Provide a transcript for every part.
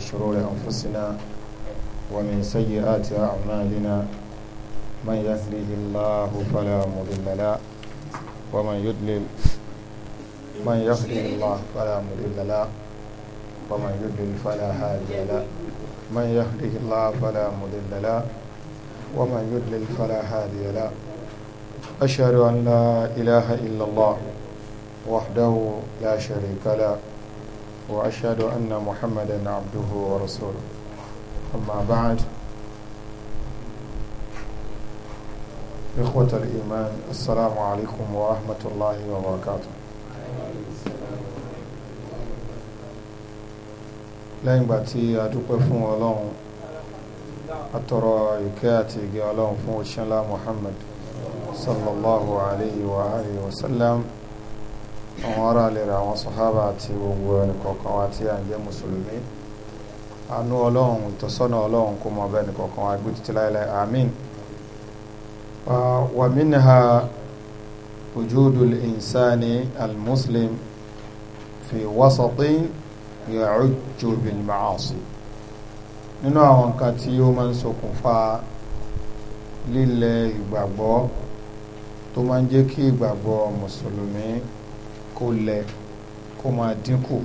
شرور أنفسنا ومن سيئات أعمالنا من يهده الله فلا مضل له ومن يضلل من يهده الله فلا مضل له ومن يضلل فلا هادي له من يهده الله فلا مضل له ومن يضلل فلا هادي له أشهد أن لا إله إلا الله وحده لا شريك له وأشهد أن محمدا عبده ورسوله أما بعد إخوة الإيمان السلام عليكم ورحمة الله وبركاته lẹ́yìn ìgbà tí a dúpẹ́ fún ọlọ́run àtọ̀rọ̀ ìkẹ́ àti ìgẹ́ ọlọ́run fún òṣìṣẹ́lá Muhammad sallallahu alayhi wa sallam àwọn ará ilé rẹ̀ àwọn sàhábà àti gbogbo ẹnì kọ̀ọ̀kan wa tí à ń jẹ́ mùsùlùmí àánú ọlọ́run ìtọ́sọ́nà ọlọ́run kó mọ bẹ́ẹ̀ nìkọ̀ọ̀kan wa gbé títí láìláì àmín wa minha wujudul insani almuslim fi wasatin ya'ujju bil ma'asi nínú àwọn nǹkan tí ó máa ń ṣokùnfà lílẹ̀ ìgbàgbọ́ tó máa ń jẹ́ kí ìgbàgbọ́ mùsùlùmí kó lẹ̀ kó máa dínkù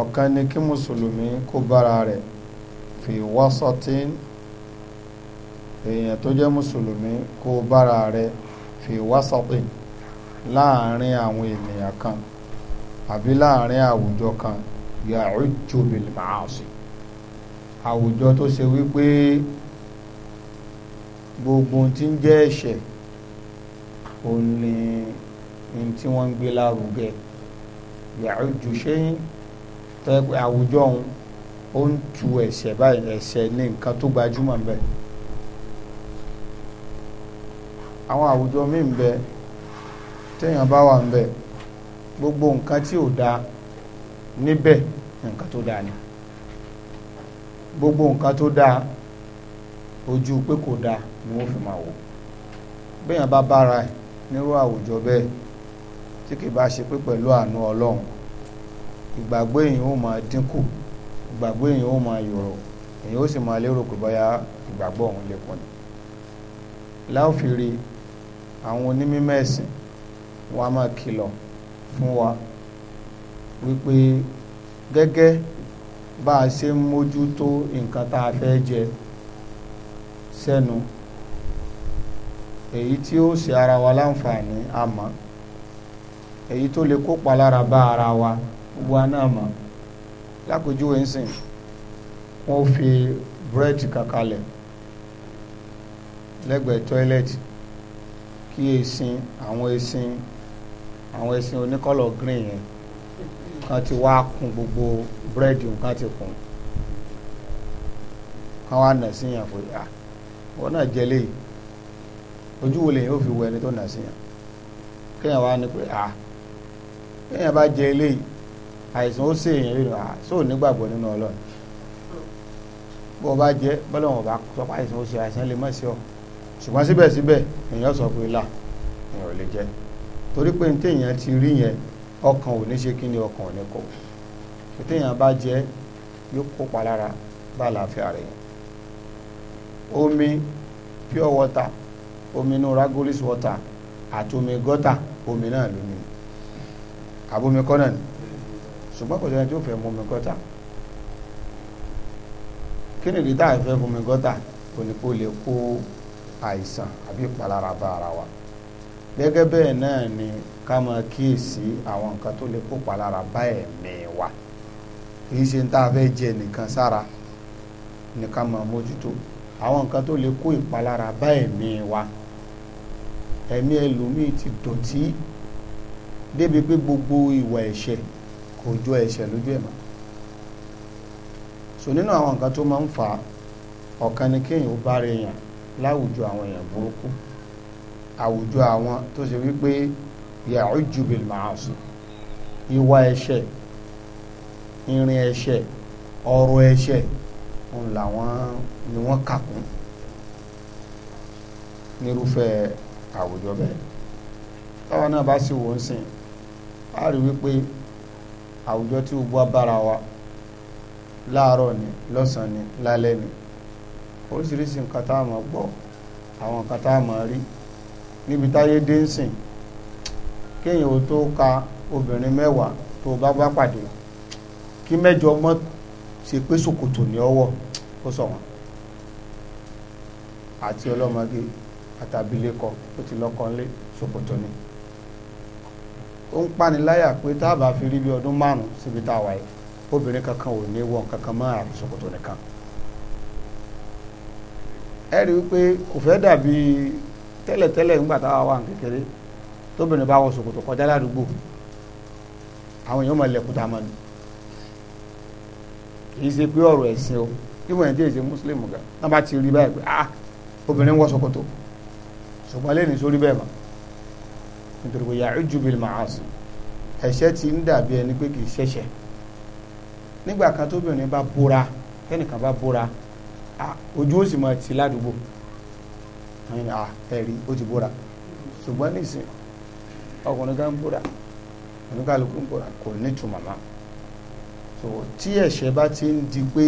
ọ̀kan ni kí mùsùlùmí kó bára rẹ̀ fi wasatin èèyàn tó jẹ́ mùsùlùmí kó bára rẹ̀ fi wasatin láàrin àwọn ènìyàn kan àbí láàrin àwùjọ kan ya'ujju bil ma'asi àwùjọ tó ṣe wípé gbogbo tí ń jẹ́ ẹ̀ṣẹ̀ òun ni. ní tí wọ́n ń gbé lárugẹ yàrá ju ṣẹ́yìn tẹ́gbẹ́ àwùjọ òun ó ń tu ẹ̀ṣẹ̀ báyìí ẹ̀ṣẹ̀ ní nǹkan tó gbajúmọ̀ ń bẹ àwọn àwùjọ míì ń bẹ téèyàn bá wà ń bẹ gbogbo nǹkan tí ò dáa níbẹ̀ nǹkan tó dáa ni gbogbo nǹkan tó dáa ojú pé kò dáa ni wọ́n fi máa wò béèyàn bá bára ẹ̀ nírú àwùjọ bẹ́ẹ̀ tí kì bá ṣe pé pẹ̀lú àánú ọlọ́run ìgbàgbọ́ èyàn ó máa dínkù ìgbàgbọ́ èyàn ó máa yòrò èyàn ó sì máa lérò pé bóyá ìgbàgbọ́ òun lè pọ̀ ni láòfìrí àwọn onímọ̀ ẹ̀sìn wọn a máa kìlọ̀ fún wa wípé gẹ́gẹ́ bá a ṣe ń mójútó nǹkan tá a fẹ́ jẹ sẹ́nu èyí tí ó ṣe ara wa láǹfààní àmọ́ èyí tó lè kópa lára bá ara wa gbogbo aná mọ̀ lápèjúwe ń sìn wọ́n fi búrẹ́dì kakalẹ̀ lẹ́gbẹ̀ẹ́ tọ́ílẹ̀tì kí esin àwọn esin àwọn esin oníkọ́lọ̀ green yẹn kan ti wá kùn gbogbo búrẹ́dì nǹkan ti kùn kan wá nà sí yàn fún yà wọn náà jẹ léyìí ojú wo lèyìn ó fi wọ ẹni tó nà sí yàn kéèyàn wá ní pé ah téèyàn bá jẹ eléyìí àìsàn ó sèèyàn lónìí àìsàn ò nígbàgbọ́ nínú ọlọ́run bó o bá jẹ bọ́lọ́run ò bá sọ pé àìsàn ó ṣe àìsàn lè má sí ọ ṣùgbọ́n síbẹ̀síbẹ̀ èèyàn sọ pé là èèyàn ò lè jẹ torí pé téèyàn ti rí yẹn ọkàn ò ní ṣe kí ni ọkàn ò ní kọ téèyàn bá jẹ yóò kópa lára bá àlàáfíà rẹ yẹn omi pure water omi inú ragolis water àti omi gọ́tà omi náà lónìí àbomi kọ́ náà ni ṣùgbọ́n kò sẹ́ni tí ó fẹ́ mú mi gọ́tà kí ni ìdí tá a fẹ́ mú mi gọ́tà kò ní kó lè kó àìsàn àbí ìpalára bá ara wa gẹ́gẹ́ bẹ́ẹ̀ náà ni ká máa kíyèsí àwọn nǹkan tó lè kó ìpalára bá ẹ̀mí wa kì í ṣe ní tá a fẹ́ jẹ nìkan sára ni ká máa mójútó àwọn nǹkan tó lè kó ìpalára bá ẹ̀mí wa ẹ̀mí ẹlòmíì ti dọ̀tí débi pé gbogbo ìwà ẹ̀ṣẹ̀ kò jọ ẹ̀ṣẹ̀ lójú ẹ̀ mọ́ so nínú àwọn nǹkan tó máa ń fa ọ̀kan ni kéèyàn ó bá rẹ̀ yàn láwùjọ àwọn èèyàn burúkú àwùjọ àwọn tó ṣe wípé yàrá jubil màásù ìwà ẹ̀ṣẹ̀ ìrìn ẹ̀ṣẹ̀ ọ̀rọ̀ ẹ̀ṣẹ̀ òun làwọn ni wọ́n kàkún nírúfẹ́ àwùjọ bẹ́ẹ̀ táwọn náà bá sì wò ó sìn a rí wípé àwùjọ tí gbogbo wa bára wa láàárọ̀ ni lọ́sàn-án ni lálẹ́ ni oríṣiríṣi nǹkan tá a máa gbọ́ àwọn nǹkan tá a máa rí níbi táyé dé ń sìn kéèyàn ò tó ka obìnrin mẹ́wàá tó bá bá pàdé kí mẹ́jọ mọ́ ṣe pé ṣòkòtò ní ọwọ́ ó sọ wọn àti ọlọ́mọge àtàbílẹ̀kọ ó ti lọ́kọ́ ńlé ṣòkòtò ni. Mm -hmm. ó ń paniláyà pé tá a bá fi rí bí ọdún márùn síbi tá a wáyé obìnrin kankan ò ní wọ kankan kan mọ́ sokoto nìkan ẹ rí i pé kò fẹ́ dàbí tẹ́lẹ̀tẹ́lẹ̀ ńgbà tá a wà ní kékeré tóbìnrin bá wọ ṣòkòtò kọjá ládùúgbò àwọn èèyàn máa lẹ́kúta ni kì í ṣe pé ọ̀rọ̀ ẹ̀sìn o kí wọ́n yẹn tí èsì mùsùlùmí gan náà bá ti rí báyìí ah obìnrin wọ sokoto nítorí pé ya'ujju bil ma'asi ẹ̀ṣẹ̀ ti ń dàbí ẹni pé kì í ṣẹ̀ṣẹ̀ nígbà kan tóbìnrin bá bóra kẹ́nìkan bá bóra ojú ó sì máa ti ládùúgbò ẹ̀rí ó ti bóra ṣùgbọ́n nísìn ọkùnrin kan bóra oníkàlùkù ń bóra kò ní màmá so tí ẹ̀ṣẹ̀ bá ti ń di pé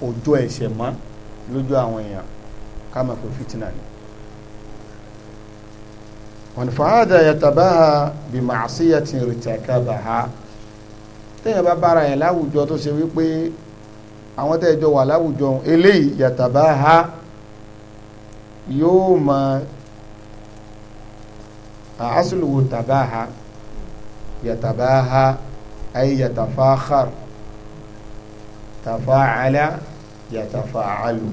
kò jọ ẹ̀ṣẹ̀ mọ́ lójú àwọn èèyàn ká mọ̀ pé fìtínà wọn ni fàáda yàtàbá bí màásíyà ti rìtàkà bà á téèyàn bá bára yẹn láwùjọ tó ṣe wípé àwọn tẹ́ẹ̀jọ wà láwùjọ eléyìí yàtàbá yóò máa asuluhu tabaha yatabaha ay yatafakhar tafaala yatafaalu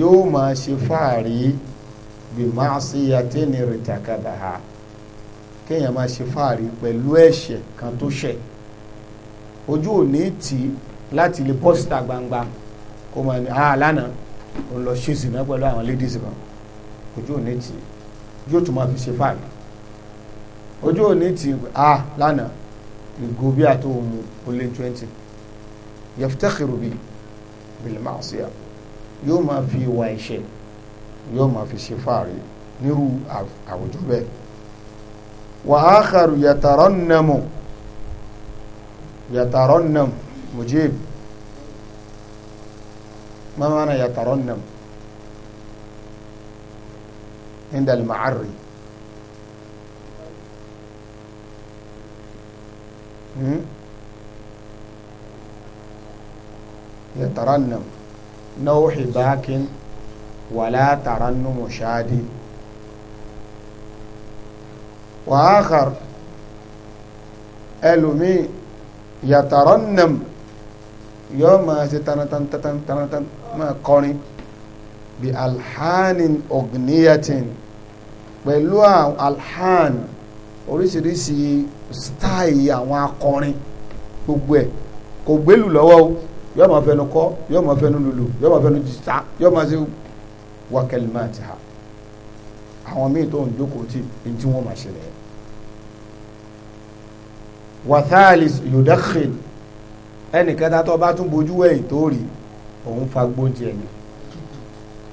yóò máa ṣe fáàrí bí máa sí àtẹ́ni rìtàkàdà ha kéèyàn máa ṣe fáàrí pẹ̀lú ẹ̀ṣẹ̀ kan tó ṣẹ̀ ojú ò ní tì í láti lè pọ́sítà gbangba kó máa ní ah lánàá ó lọ ṣe ìsìn náà pẹ̀lú àwọn ladies kan ojú ò tì í yóò tún máa fi ṣe fáàrí ojú ò tì í ah lánàá ìgò bí àtò òmu ó lé twenty yaftakhiru bi bil ma'siyah yóò máa fi ìwà ẹ̀ṣẹ̀. يوم في سفاري نرو أوجبة وآخر يترنم يترنم مجيب ما معنى يترنم عند المعري يترنم نوحي باكن ولا ترنم شادي وآخر ألمي يترنم يوم ستنتن تتن تنتن ما قوني بألحان أغنية pẹ̀lú alhan oríṣiríṣi sítáì àwọn akọrin gbogbo ẹ̀ kò gbélù lọ́wọ́ o yóò máa fẹnu kọ́ yóò máa fẹnu lùlù yóò máa fẹnu jìtá yóò máa ṣe wa kalimatiha àwọn míì tó ń jókòó tì ní tí wọ́n máa ṣe lẹ́yìn wa thalis yudakhil ẹnìkẹta tó bá tún bójú wẹ̀yìn tó rí òun fa gbóúnjẹ ni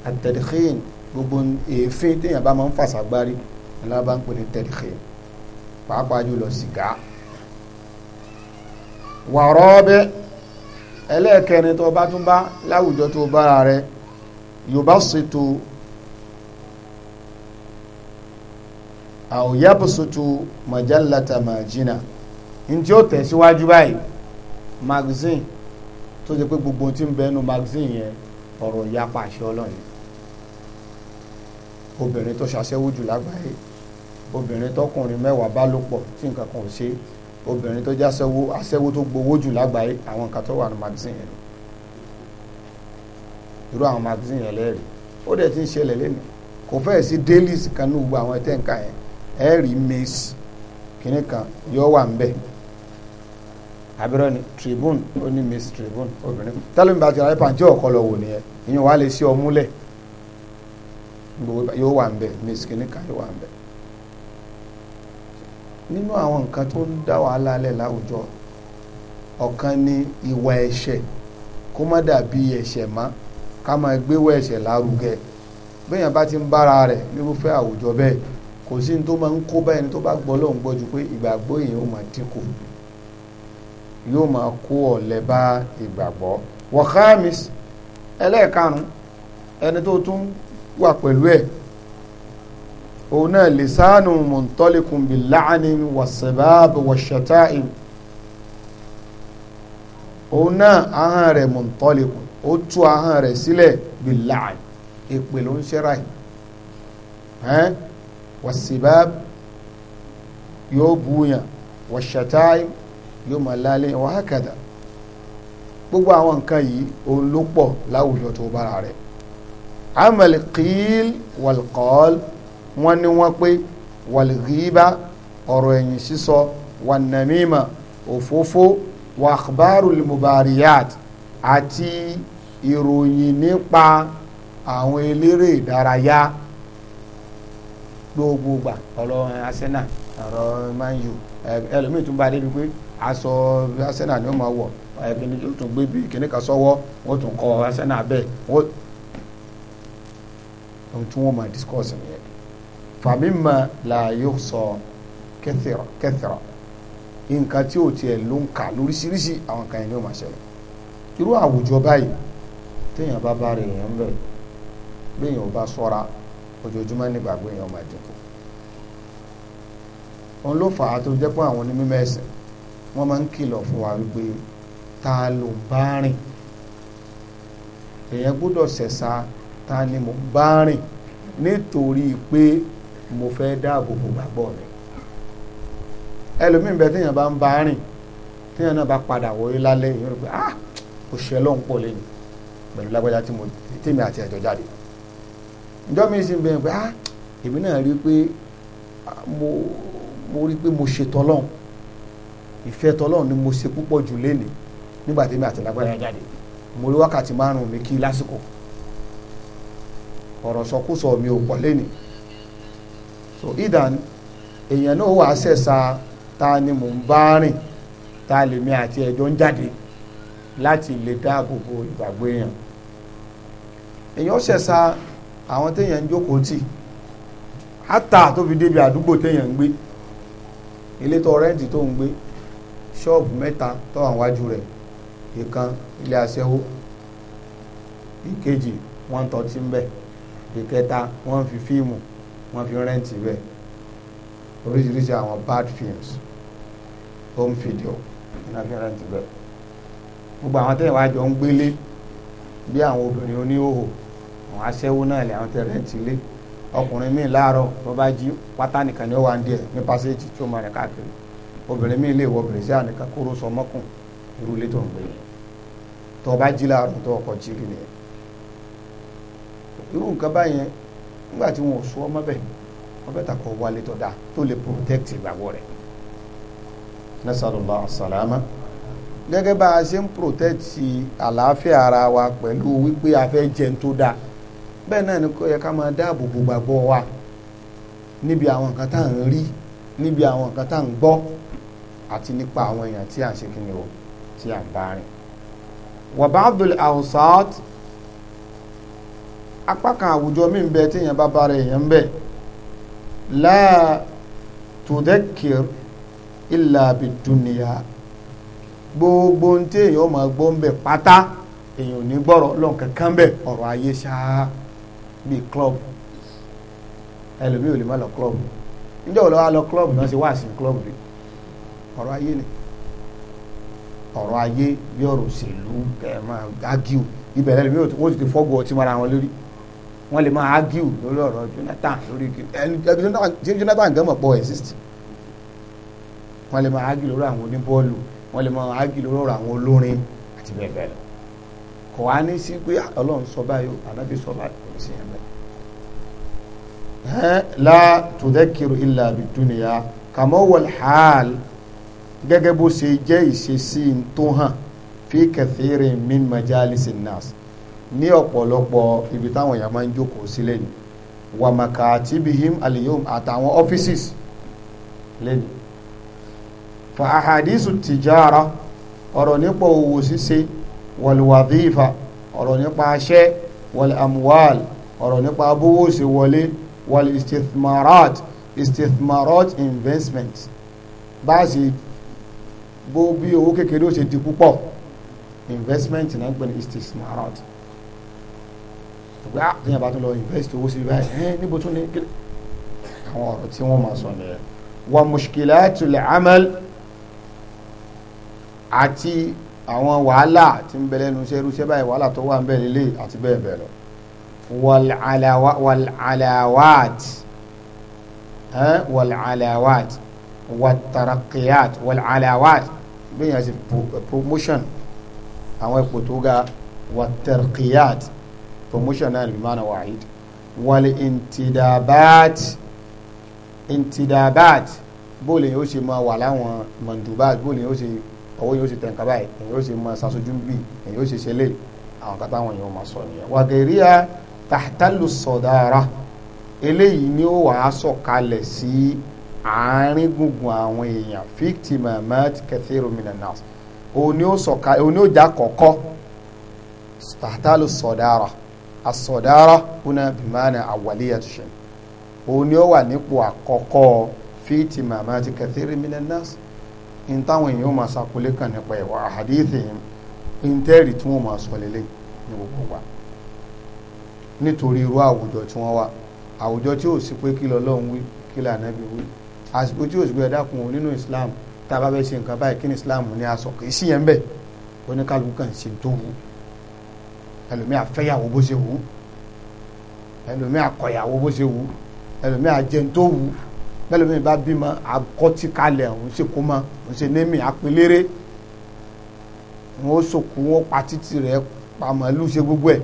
àtẹ̀dẹ̀kìn gbogbo èéfín téèyàn bá máa ń fàṣàgbárí ńlá ń pè ní tẹ̀dẹ̀kìn pàápàá jùlọ sìgá wà rọ́ọ́bẹ́ ẹlẹ́ẹ̀kẹrin tó bá tún bá láwùjọ tó bára rẹ̀ yubasitu au yabsutu majallata majina ntí ó tẹ̀síwájú báyìí magazine tó jẹ́ pé gbogbo tí ń bẹnu magazine yẹn ọ̀rọ̀ ìyapa àṣẹ ọlọ́run obìnrin tó ṣaṣẹ́wó jù lágbàáyé obìnrin tọkùnrin mẹ́wàá bá lò pọ̀ tí nǹkan kan ò ṣe obìnrin tó jẹ́ aṣẹ́wó aṣẹ́wó tó gbowó jù lágbàáyé àwọn nǹkan tó wà ní magazine yẹn irú àwọn magazine yẹn lẹ́ẹ̀rí ó dẹ̀ ti ń ṣẹlẹ̀ lẹ́nu kò fẹ́ẹ̀ sí dailies kan ní gbogbo àwọn ẹ̀tẹ́ nǹkan yẹn ẹ̀rí mace kìnnì kan yọ wà ń bẹ̀ abirọ ni tribune ó ní mace tribune obìnrin tẹ́lẹ̀mí bá ti ra ipa tí ọ̀kọ́ lọ wò nìyẹn ìyẹn wàá lè ṣe ọmú lẹ̀ gbogbo wà ń bẹ̀ mace kìnnì kan yóò wà ń bẹ̀ nínú àwọn nǹkan tó ń dá wàhálà lẹ̀ láwùjọ ọ̀kan ni ìwà ẹ̀ṣẹ̀ kó má dàbí ẹ̀ṣẹ̀ mọ́ ká máa gbéwọ̀ ẹsẹ lárugẹ bẹ́yàn bá ti ń bára rẹ̀ nírúfẹ́ àwùjọ bẹ́ẹ̀ kò sí ní tó máa ń kó báyìí ní tó bá gbọ́ lóun gbọ́ ju pé ìgbàgbọ́ èèyàn ó máa yóò máa kó bá ẹni tó tún wà pẹ̀lú ẹ̀ òun náà lè sáànù bí láàánì òun náà ó tú ahọ́n rẹ̀ sílẹ̀ bíláì èpè ló ń ṣẹ́ra ẹ̀ wàsíbá yóò búyàn wàṣàtáì yóò máa lálẹ́ wàhákàdà gbogbo àwọn nǹkan yìí òun ló pọ̀ láwùjọ tó bára rẹ̀ amal qil wal wọ́n ní wọ́n pé wal ọ̀rọ̀ ẹ̀yìn sísọ wal òfófó wa àti ìròyìn nípa àwọn eléré ìdárayá gbogbo gbà ọ̀rọ̀ Arsenal ọ̀rọ̀ Man U ẹlòmíì tún bá a débi pé aṣọ Arsenal ni ó máa wọ̀ ẹ̀kíní yóò tún gbé bí kíní kan sọ́wọ́ wọ́n tún kọ Arsenal bẹ́ẹ̀ wọ́n ohun tí máa discuss nìyẹn fàmímà la yóò sọ kẹtìrọ kẹtìrọ nǹkan tí ò tiẹ̀ ló ń kà lóríṣiríṣi àwọn kan yẹn ni ó máa ṣẹlẹ̀. irú àwùjọ báyìí téèyàn bá bá rẹ̀ èèyàn bẹ̀ béèyàn ò bá sọ́ra ojoojúmọ́ nígbàgbọ́ èèyàn máa dínkù òun ló fà á tó jẹ́ pé àwọn onímọ̀ ẹ̀sìn wọ́n máa ń kìlọ̀ fún wa wípé ta ló bá rìn èèyàn ṣẹ̀ṣà ta oṣù ẹlọ́run pọ̀ lẹ́nu pẹ̀lú lágbájá tí mo tèmi àti ẹ̀jọ̀ jáde ìjọ mi sì ń bẹ̀rẹ̀ pé ah èmi náà rí pé ah, mo mo rí pé mo ṣe tọlọ́hún ìfẹ́ tọlọ́hún ni mo ṣe púpọ̀ jù lénìí nígbà tí mi àti lágbára jáde mo rí wákàtí márùn mi kí lásìkò ọ̀rọ̀ sọkúsọ mi ò pọ̀ lénìí so idan èèyàn náà wàá ṣẹ̀ṣà ta ni mò ń bá rìn ta lèmi àti ẹ̀jọ́ ń jáde láti lè dáàbò bo ìgbàgbọ́ èèyàn èèyàn sa, àwọn téèyàn ń jókòó tì hátà tó fi débi àdúgbò téèyàn ń gbé ilé tó rẹ́ǹtì tó ń gbé ṣọ́ọ̀bù mẹ́ta tó wà wájú rẹ̀ ìkan ilé aṣẹ́wó ìkejì wọ́n ń tọ́tí ń bẹ̀ ìkẹta wọ́n fi fíìmù wọ́n fi rẹ́ǹtì bẹ̀ oríṣiríṣi àwọn bad films home video wọ́n rẹ́ǹtì bẹ̀ gbogbo àwọn tẹ́yìn wá jọ ń gbélé bí àwọn obìnrin oníhòhò àwọn aṣẹ́wó náà lè àwọn tẹ̀rẹ̀ ń tilé ọkùnrin míì láàárọ̀ tó bá jí pátá nìkan ni ó wà ń díẹ̀ ní pásíjì tó máa rìn káàkiri obìnrin míì lè wọ bèrèsí àníkan kóró sọ mọ́kùn irú ilé tó ń gbé tó bá jí láàárọ̀ tó ọkọ̀ jí rí nìyẹn irú asalama. gẹ́gẹ́ bá a ṣe ń protẹ́tì àlàáfíà ara wa pẹ̀lú wípé a fẹ́ jẹun tó dáa bẹ́ẹ̀ náà ni kò yẹ ká máa dáàbò bo gbàgbọ́ wa níbi àwọn nǹkan tá à ń rí níbi àwọn nǹkan tá à ń gbọ́ àti nípa àwọn èèyàn tí à ń ṣe kí ni o tí à ń bá rìn. wàbáàdùl àwùsàt apá kan àwùjọ mi ń bẹ tí èèyàn bá bá rẹ èèyàn ń bẹ láà tùdẹ́kìr ìlà bìdúnìyà gbogbo ohun tí èèyàn máa gbọ́ ń bẹ̀ pátá èèyàn ò ní gbọ́rọ̀ ọlọ́run kankan bẹ̀ ọ̀rọ̀ ayé ṣáá bíi club ẹlòmíì ò lè má lọ club níjọ́ wo ló lọ club náà ṣe wá sí club rẹ̀ ọ̀rọ̀ ayé ni ọ̀rọ̀ ayé bí ọ̀rọ̀ òṣèlú kẹ̀ máa ibẹ̀ ẹlòmíì ti fọ́gù ọtí mara wọn lórí wọ́n lè máa ágíù lórí ọ̀rọ̀ wọ́n lè mọ ági lórí ọ̀rọ̀ àwọn olórin àti bẹ́ẹ̀ bẹ́ẹ̀ lọ kò wá ní sí pé ọlọ́run sọ báyìí ànábì sọ báyìí kò sí yẹn bẹ́ẹ̀. la tudhakiru illa bidunya kama wal hal gẹ́gẹ́ bó ṣe jẹ́ ìṣesí tó hàn fi kathirin min majalisi nas ní ọ̀pọ̀lọpọ̀ ibi táwọn èèyàn máa ń jókòó sílẹ̀ ni wàmàkà tibihim aliyom àtàwọn ọ́fíìsì lẹ́nu fa ahadisu tijara ọ̀rọ̀ nípa òwò ṣíṣe wàlúwàdífà ọ̀rọ̀ nípa aṣẹ́ wàlúwàl ọ̀rọ̀ nípa abówó ṣe wọlé wàlúwàl istithmarat investment bá a ṣe bó bí owó kékeré ó ṣe di púpọ̀ investment náà gbẹ̀ni istithmarat ìgbà àtẹ̀yìn bá tún lọ invest owó sí báyìí ẹ̀ níbo tún ní àwọn ọ̀rọ̀ tí wọ́n máa sọ nìyẹn wa mushkilatul amal àti àwọn wàhálà tí ń bẹ lẹ́nu iṣẹ́ irúṣẹ́ báyìí wàhálà tó wà ń bẹ lélẹ̀ àti bẹ́ẹ̀ bẹ́ẹ̀ lọ. wàlàwàt wàtàràkìyàt wàlàwàt bẹ́ẹ̀ yẹn ti promotion àwọn ipò tó ga wàtàràkìyàt promotion náà bí mánà wàhíd wàlìntìdàbàt intìdàbàt bóòlù yẹn ó ṣe máa wà láwọn mọ̀ndùbàt bóòlù yẹn ṣe ọwọ́ yóò ṣe tẹ̀ nǹkan báyìí èyí yóò ṣe máa ṣàṣojú bí èyí yóò ṣe ṣe lé àwọn kan táwọn èèyàn máa sọ nìyẹn wàgẹ̀ríà tàtàlù sọ̀dára eléyìí ni ó wàá sọ̀kalẹ̀ sí àárín gbùngbùn àwọn èèyàn fíktì mahamat kathiru minanas òní ó sọ̀ka òní ó já kọ̀kọ́ tàtàlù sọ̀dára asọ̀dára kúnà bìmánà àwàlíyàtúṣe òní ó wà nípò àkọ́kọ́ fíktì mahamat kathiru minanas in táwọn èèyàn máa sàkólé kan nípa ẹ̀wà àdíìtì in tẹ́rì tí wọ́n máa sọ lélẹ̀ ní gbogbo wa nítorí irú àwùjọ tí wọ́n wà àwùjọ tí ò sí pé kí lọ́lọ́run wí kí lànàbí wí àsìkò tí ò sí pé ẹ̀dákun nínú Islam tá a bá fẹ́ ṣe nǹkan báyìí kí ni Islam ní aṣọ kì í sí yẹn bẹ́ẹ̀ oníkálukú kan ṣe tó wù ẹlòmíà fẹ́yàwó bó ṣe wù ẹlòmíà kọ̀yàwó bó ṣe wù ẹlòmíà jẹun wù bẹ́ẹ̀ lómi bá bímọ àkọ́tíkalẹ̀ òun ṣe kó mọ òun ṣe némi àpelére wọn ó sòkò wọn pa títì rẹ pa màálù ṣe gbogbo ẹ̀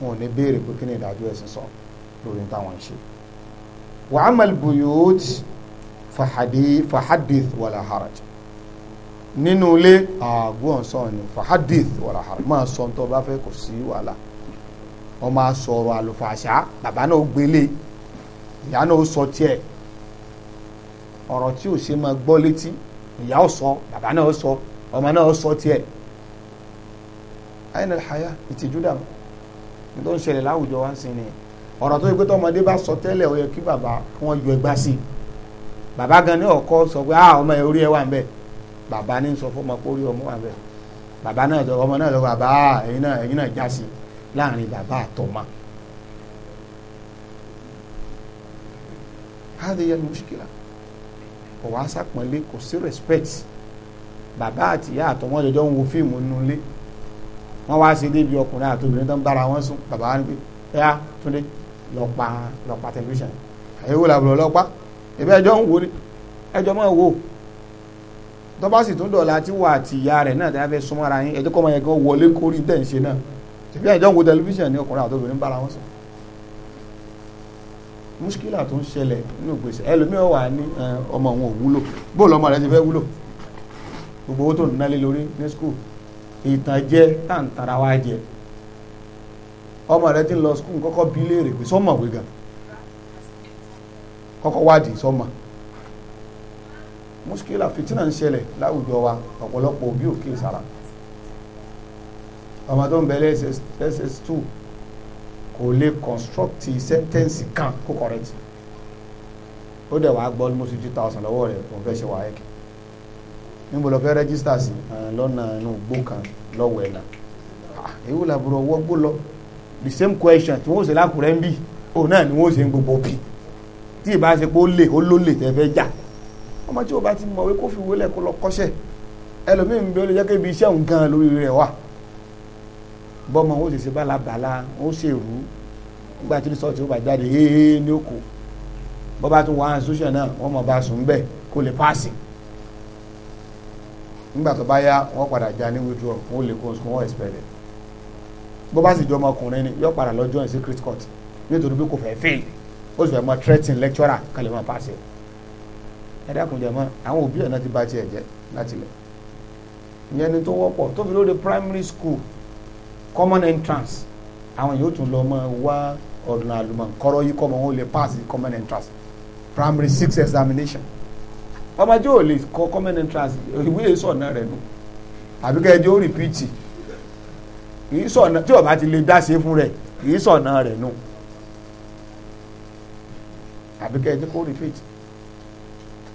wọn ò ní béèrè pé kí ni ìdájọ́ ẹ̀sìn sọ lórí táwọn ṣe. wa amal buyut fahadith wala haraj nínú ilé àgbọ̀n sọ̀rọ̀ ni fahadith wala haraj máa sọ tó bá fẹ́ kò sí wàhálà wọn máa sọ̀rọ̀ àlùfàṣà bàbá náà gbélé ìyá náà sọ tiẹ̀ ọ̀rọ̀ tí ò ṣe máa gbọ́ létí ìyá ò sọ bàbá náà ò sọ ọmọ náà ò sọ tiẹ̀ àyìnlẹ̀ àyà ìtìjú dàmú ní tó ń ṣẹlẹ̀ láwùjọ wa ń sin nìyẹn ọ̀rọ̀ tó yẹ pé tọmọdé bá sọ tẹ́lẹ̀ ó yẹ kí bàbá kí wọ́n yọ ẹgbá sí i bàbá gan ní ọkọ sọ pé ah ọmọ yẹn orí ẹ wà ń bàbá ní sọ fún ọmọ pé orí ọmọ wà ń bàbá náà sọ ọmọ náà sọ bàbá ẹ̀yin náà ẹ̀yin náà já sí i láàrin bàbá àtọmọ. هذه هي المشكله kò wá sàpọ́nlé kò sí respect bàbá àti ìyá àtọmọ jọjọ ń wo fíìmù nulẹ̀ wọ́n wá sí débi ọkùnrin àti obìnrin tó ń bára wọn sùn bàbá wa ní pé ẹ á túnde lọ pa lọ pa tẹlifíṣàn àyẹ̀wò làbúrò lọ́pàá ẹ̀bẹ̀ ẹjọ́ ń wo ni ẹjọ́ mọ̀ wò tó bá sì tún dọ̀la tí wà àti ìyá rẹ̀ náà tẹ́lá fẹ́ súnmọ́ra yín ẹjọ́ kọ́ mọ̀ yẹn kó wọlé kórìí tẹ̀ náà ẹjọ́ ń wo tẹlifíṣàn ní ọkùnrin àti obìnrin bára wọn sùn muskila tó ń ṣẹlẹ̀ nínú gbèsè ẹlòmíràn wà ní ọmọ òun ò wúlò bó lọmọ rẹ ti fẹ́ wúlò gbogbo owó tó ń nálé lórí ní skul ìtànjẹ tàǹtàrà wa jẹ ọmọ rẹ ti ń lọ skul kọ́kọ́ bí léèrè pé sọ́mọ̀ wé gan kọ́kọ́ wádìí sọ́mọ̀ muskila fìtínà ń ṣẹlẹ̀ láwùjọ wa ọ̀pọ̀lọpọ̀ òbí òkè sára ọmọ tó ń bẹ lẹ́sẹ̀ two kò lè construct sentence kan kó correct ó dẹ̀ wá gbọ́ almost two thousand lọ́wọ́ rẹ̀ òun fẹ́ ṣe wáyé kí níbo lọ fẹ́ rẹ́gísítà sí lọ́nà inú gbó kan lọ́wọ́ ẹ̀dá èwo làbúrò ọwọ́ gbó lọ the same question tí wọ́n ṣe lákùrẹ́ ń bì òun náà ni wọ́n ṣe ń gbogbo bì tí ìbá ṣe pé ó lè ó ló lè tẹ́ fẹ́ jà ọmọ tí o bá ti mọ̀ wé kó fi wọlé kó lọ kọ́ṣẹ́ ẹlòmíín bí ó lè jẹ́ kébi iṣẹ́ òun gan lórí rẹ̀ wà bọ́mọ ó sì ṣe bálabàla ó ṣèrú nígbà tí rìsọ́ọ̀tì ó bá jáde héhé ní òkò bọ́bá tún wọ́n àṣìṣe náà wọ́n mọ̀ bá sùn bẹ́ẹ̀ kó lè páàsì nígbà tó bá yá wọ́n padà já ní withdraw wọ́n lè kó oṣù wọ́n expelled bó sì jọ ọmọkùnrin ni yóò padà lọ join secret court nítorí bí kò fẹ́ fail ó sì fẹ́ mọ threatening lecturer kan lè máa pàṣẹ ẹ dákun jẹ mọ àwọn òbí ẹ̀ náà ti bá tiẹ̀ jẹ láti ìyẹn ni tó wọ́pọ̀ tó fi lóde primary school common entrance àwọn yóò tún lọ máa wá ọ̀nà àlùmọ̀kọ́rọ́ yìí kọ́mọ wọn ò lè pass the common entrance primary six examination ọmọdé ò lè kọ common entrance ìwé sọ̀nà rẹ̀ nù àbíkẹ́ ẹjọ́ ó repeat kìí sọ̀nà tí ọba ti lè dá ṣe fún rẹ̀ kìí sọ̀nà rẹ̀ nù àbíkẹ́ ẹjọ́ kó repeat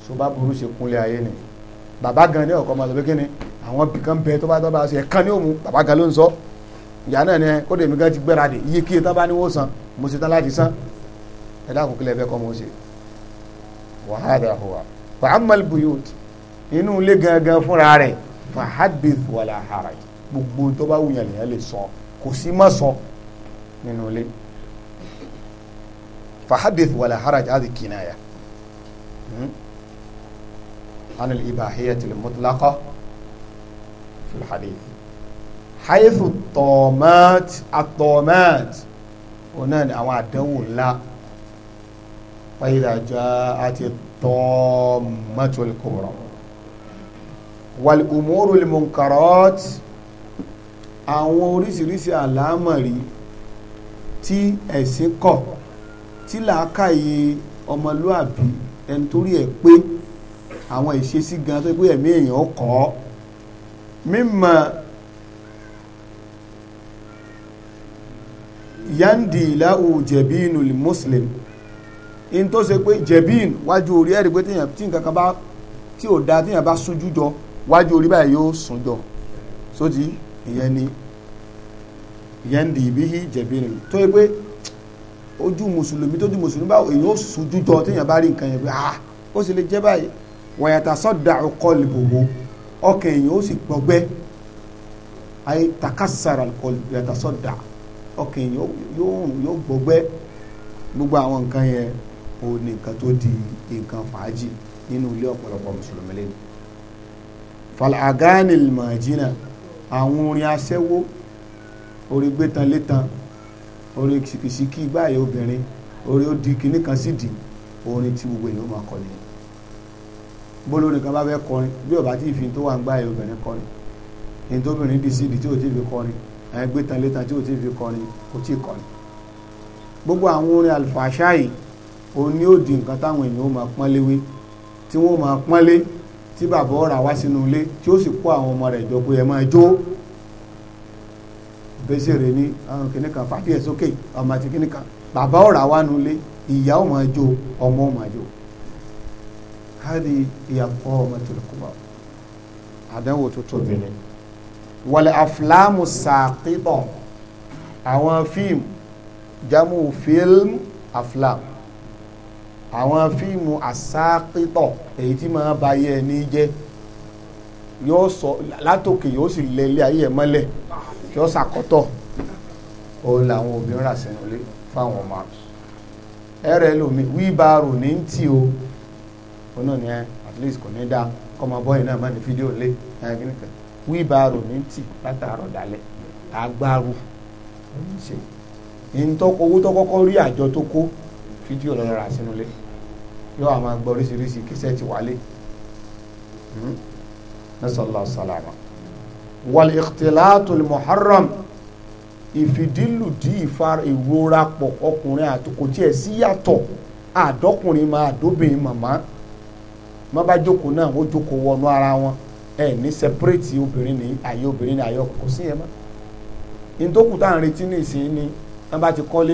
so bá burú ṣe kúnlẹ̀ ayé ni bàbá gan ni ọkọ máa sọ pé kí ni àwọn bìkan bẹ tó bá tó bá ṣe ẹ̀kan ní òun bàbá gan ló ń sọ. So ìyá náà ni kódà èmi gan ti gbẹ́radì iye kíye tán bá ní wọ́n san mo ṣe tán láti san ẹ dákun kílẹ̀ fẹ́ kọ́ mo ṣe wa hadha huwa fa ammal buyut inú ilé gangan fúnra rẹ̀ fa hadith wala haraj gbogbo tó bá wùyàn lèyàn lè sọ kò sí má sọ nínú ilé fa hadith wala haraj hadi kinaya hmm? anil ibahiyati al mutlaqa fi hadith haifu tọ̀mọ́t àtọ̀mọ́t òun náà ni àwọn àdánwò ńlá pàyídàjá àti tọ̀mọ́t olùkọ́rọ̀ wàlùmọ́rù lèmọ̀nkàrọ́t àwọn oríṣiríṣi àlámọ̀rí tí ẹ̀sìn kọ̀ tí làákàyè ọmọlúàbí ẹni torí ẹ̀ pé àwọn ìṣesí gan tó pé ẹ̀mí èèyàn kọ́ mímọ̀ yáǹdì ìlàhù jẹ̀bínú muslim in tó ṣe pé jẹ̀bín wájú orí ẹ̀rí pé téèyàn tí nǹkan kan bá tí ò da téèyàn bá súnjú jọ wájú orí báyìí yóò sùn jọ sóti ìyẹn ni yẹndi ìbíhí jẹ̀bínú tó yẹ pé ojú mùsùlùmí tójú mùsùlùmí báwo èyí ó súnjú jọ téèyàn bá rí nǹkan yẹn pé ah ó sì lè jẹ́ báyìí wọ̀nyàtà sọ́dà ọkọlì bòbò ọkàn èyàn ó sì gbọgbẹ́ ayé takasara ọkọlì wọ̀nyàtà sọ́dà ọkọlì ọkàn yóò gbọgbẹ́ gbogbo àwọn nǹkan yẹn ò ní nǹkan tó di nǹkan fàájì nínú ilé ọ̀pọ̀lọpọ̀ mùsùlùmí lẹ́nu falagani majina àwọn orin aṣẹ́wó orin gbétan létan orin kìsìkìsìkì báyìí obìnrin orin ó di kìíní kan sì dì orin tí gbogbo èèyàn máa kọ nìyẹn bólórin kan bá fẹ́ kọrin bí ó bá ti fi tó wà ń gbáyìí obìnrin kọrin ní tóbìnrin dì sí ìdí tí ò ti fi kọrin ẹgbẹ́ tán létà tí o ti fi kọrin kò tí ì kọrin gbogbo àwọn orin alfàṣà yìí òun ni ó di nǹkan táwọn èèyàn ó máa pọ́nlé wí tí wọ́n máa pọ́nlé tí bàbá ọ̀rà wá sínú ilé tí ó sì kó àwọn ọmọ rẹ̀ jọ pé ẹ máa jó bẹ́sẹ̀rẹ̀ ní àwọn kìnnì kan fàdí ẹ̀ sókè ọmọ àti kìnnì kan bàbá ọ̀rà wá nu ilé ìyá ó máa jó ọmọ ó máa jó hádìí ìyàpọ̀ ọmọ tòlùkùbà àdánwò tó tóbi ni wal aflamu saqita àwọn fíìmù jamu fíìmù aflam àwọn fíìmù àsáàpítọ̀ èyí tí máa ba ayé ẹni jẹ́ yóò sọ látòkè yóò sì lẹ́lẹ́ ayé ẹ̀ mọ́lẹ̀ yóò sàkọ́tọ̀ òun làwọn obìnrin rà sínú ilé fáwọn ọmọ ẹrẹ lómi wíbàárò ní ń tì o òun náà ni ẹ at least kò ní dá kọ́mọ bọ́ọ̀yì náà má ní fídíò lé ẹ kí nìkan wíbàárò ní tì látàárọ̀ dalẹ̀ agbárù ṣe owó tó kọ́kọ́ rí àjọ tó kó fídíò lọ́rọ̀ rà sínú ilé yóò àwọn máa gbọ́ oríṣiríṣi kíṣẹ́ ti wálé hmm? nasallahu salama wal ikhtilatul muharram ìfìdílùdí ìfara ìrora pọ̀ ọkùnrin àti kò tiẹ̀ sí yàtọ̀ àdọ́kùnrin máa dóbìnrin màmá má bá jókòó náà ó jókòó wọnú ara wọn ẹ ní sẹpẹrẹtì obìnrin ní àyè obìnrin ní àyè ọkọ kò sí yẹn mọ́ nítòkù tá à ń retí ní ìsìn ni wọ́n bá ti kọ́lé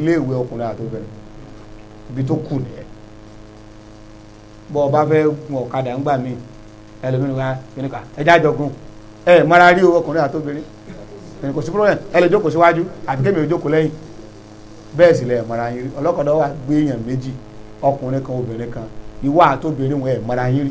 iléèwé ọkùnrin ibi tó kù nìyẹn bọ́ ọba bá gun ọ̀kadà ńgbà ẹlòmínú wa ẹ mara rí kò sí síwájú àti kémi ò mara yín rí wa gbé èèyàn méjì kan obìnrin kan ìwọ àtobìnrin wọn mara yín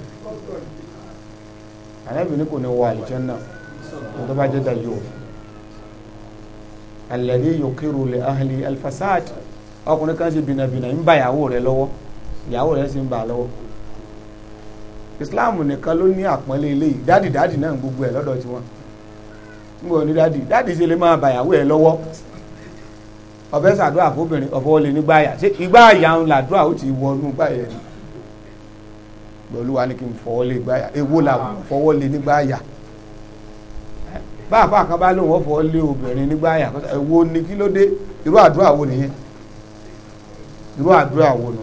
ànábì n'i kò ní wọ àlìjẹ́nà tó bá jẹ́ dayo alladhi yuqiru li ahli alfasad kan ṣe bìnàbìnà ń ba ìyàwó rẹ̀ lọ́wọ́ ìyàwó islam nìkan ló ní àpọ́nlé eléyìí dáàdì dáàdì gbogbo ẹ̀ lọ́dọ̀ tiwọn níbo ni fóbìnrin olè nígbà ṣé ń làdúrà ó olúwa ní kí n fọwọ́ lé gbáyà èwo làwọn fọwọ́ lé nígbàyà báàpá kan bá lóun wọ́n fọwọ́ lé obìnrin nígbàyà èwo ni kí ló dé irú àdúrà wo nìyẹn irú àdúrà wo nù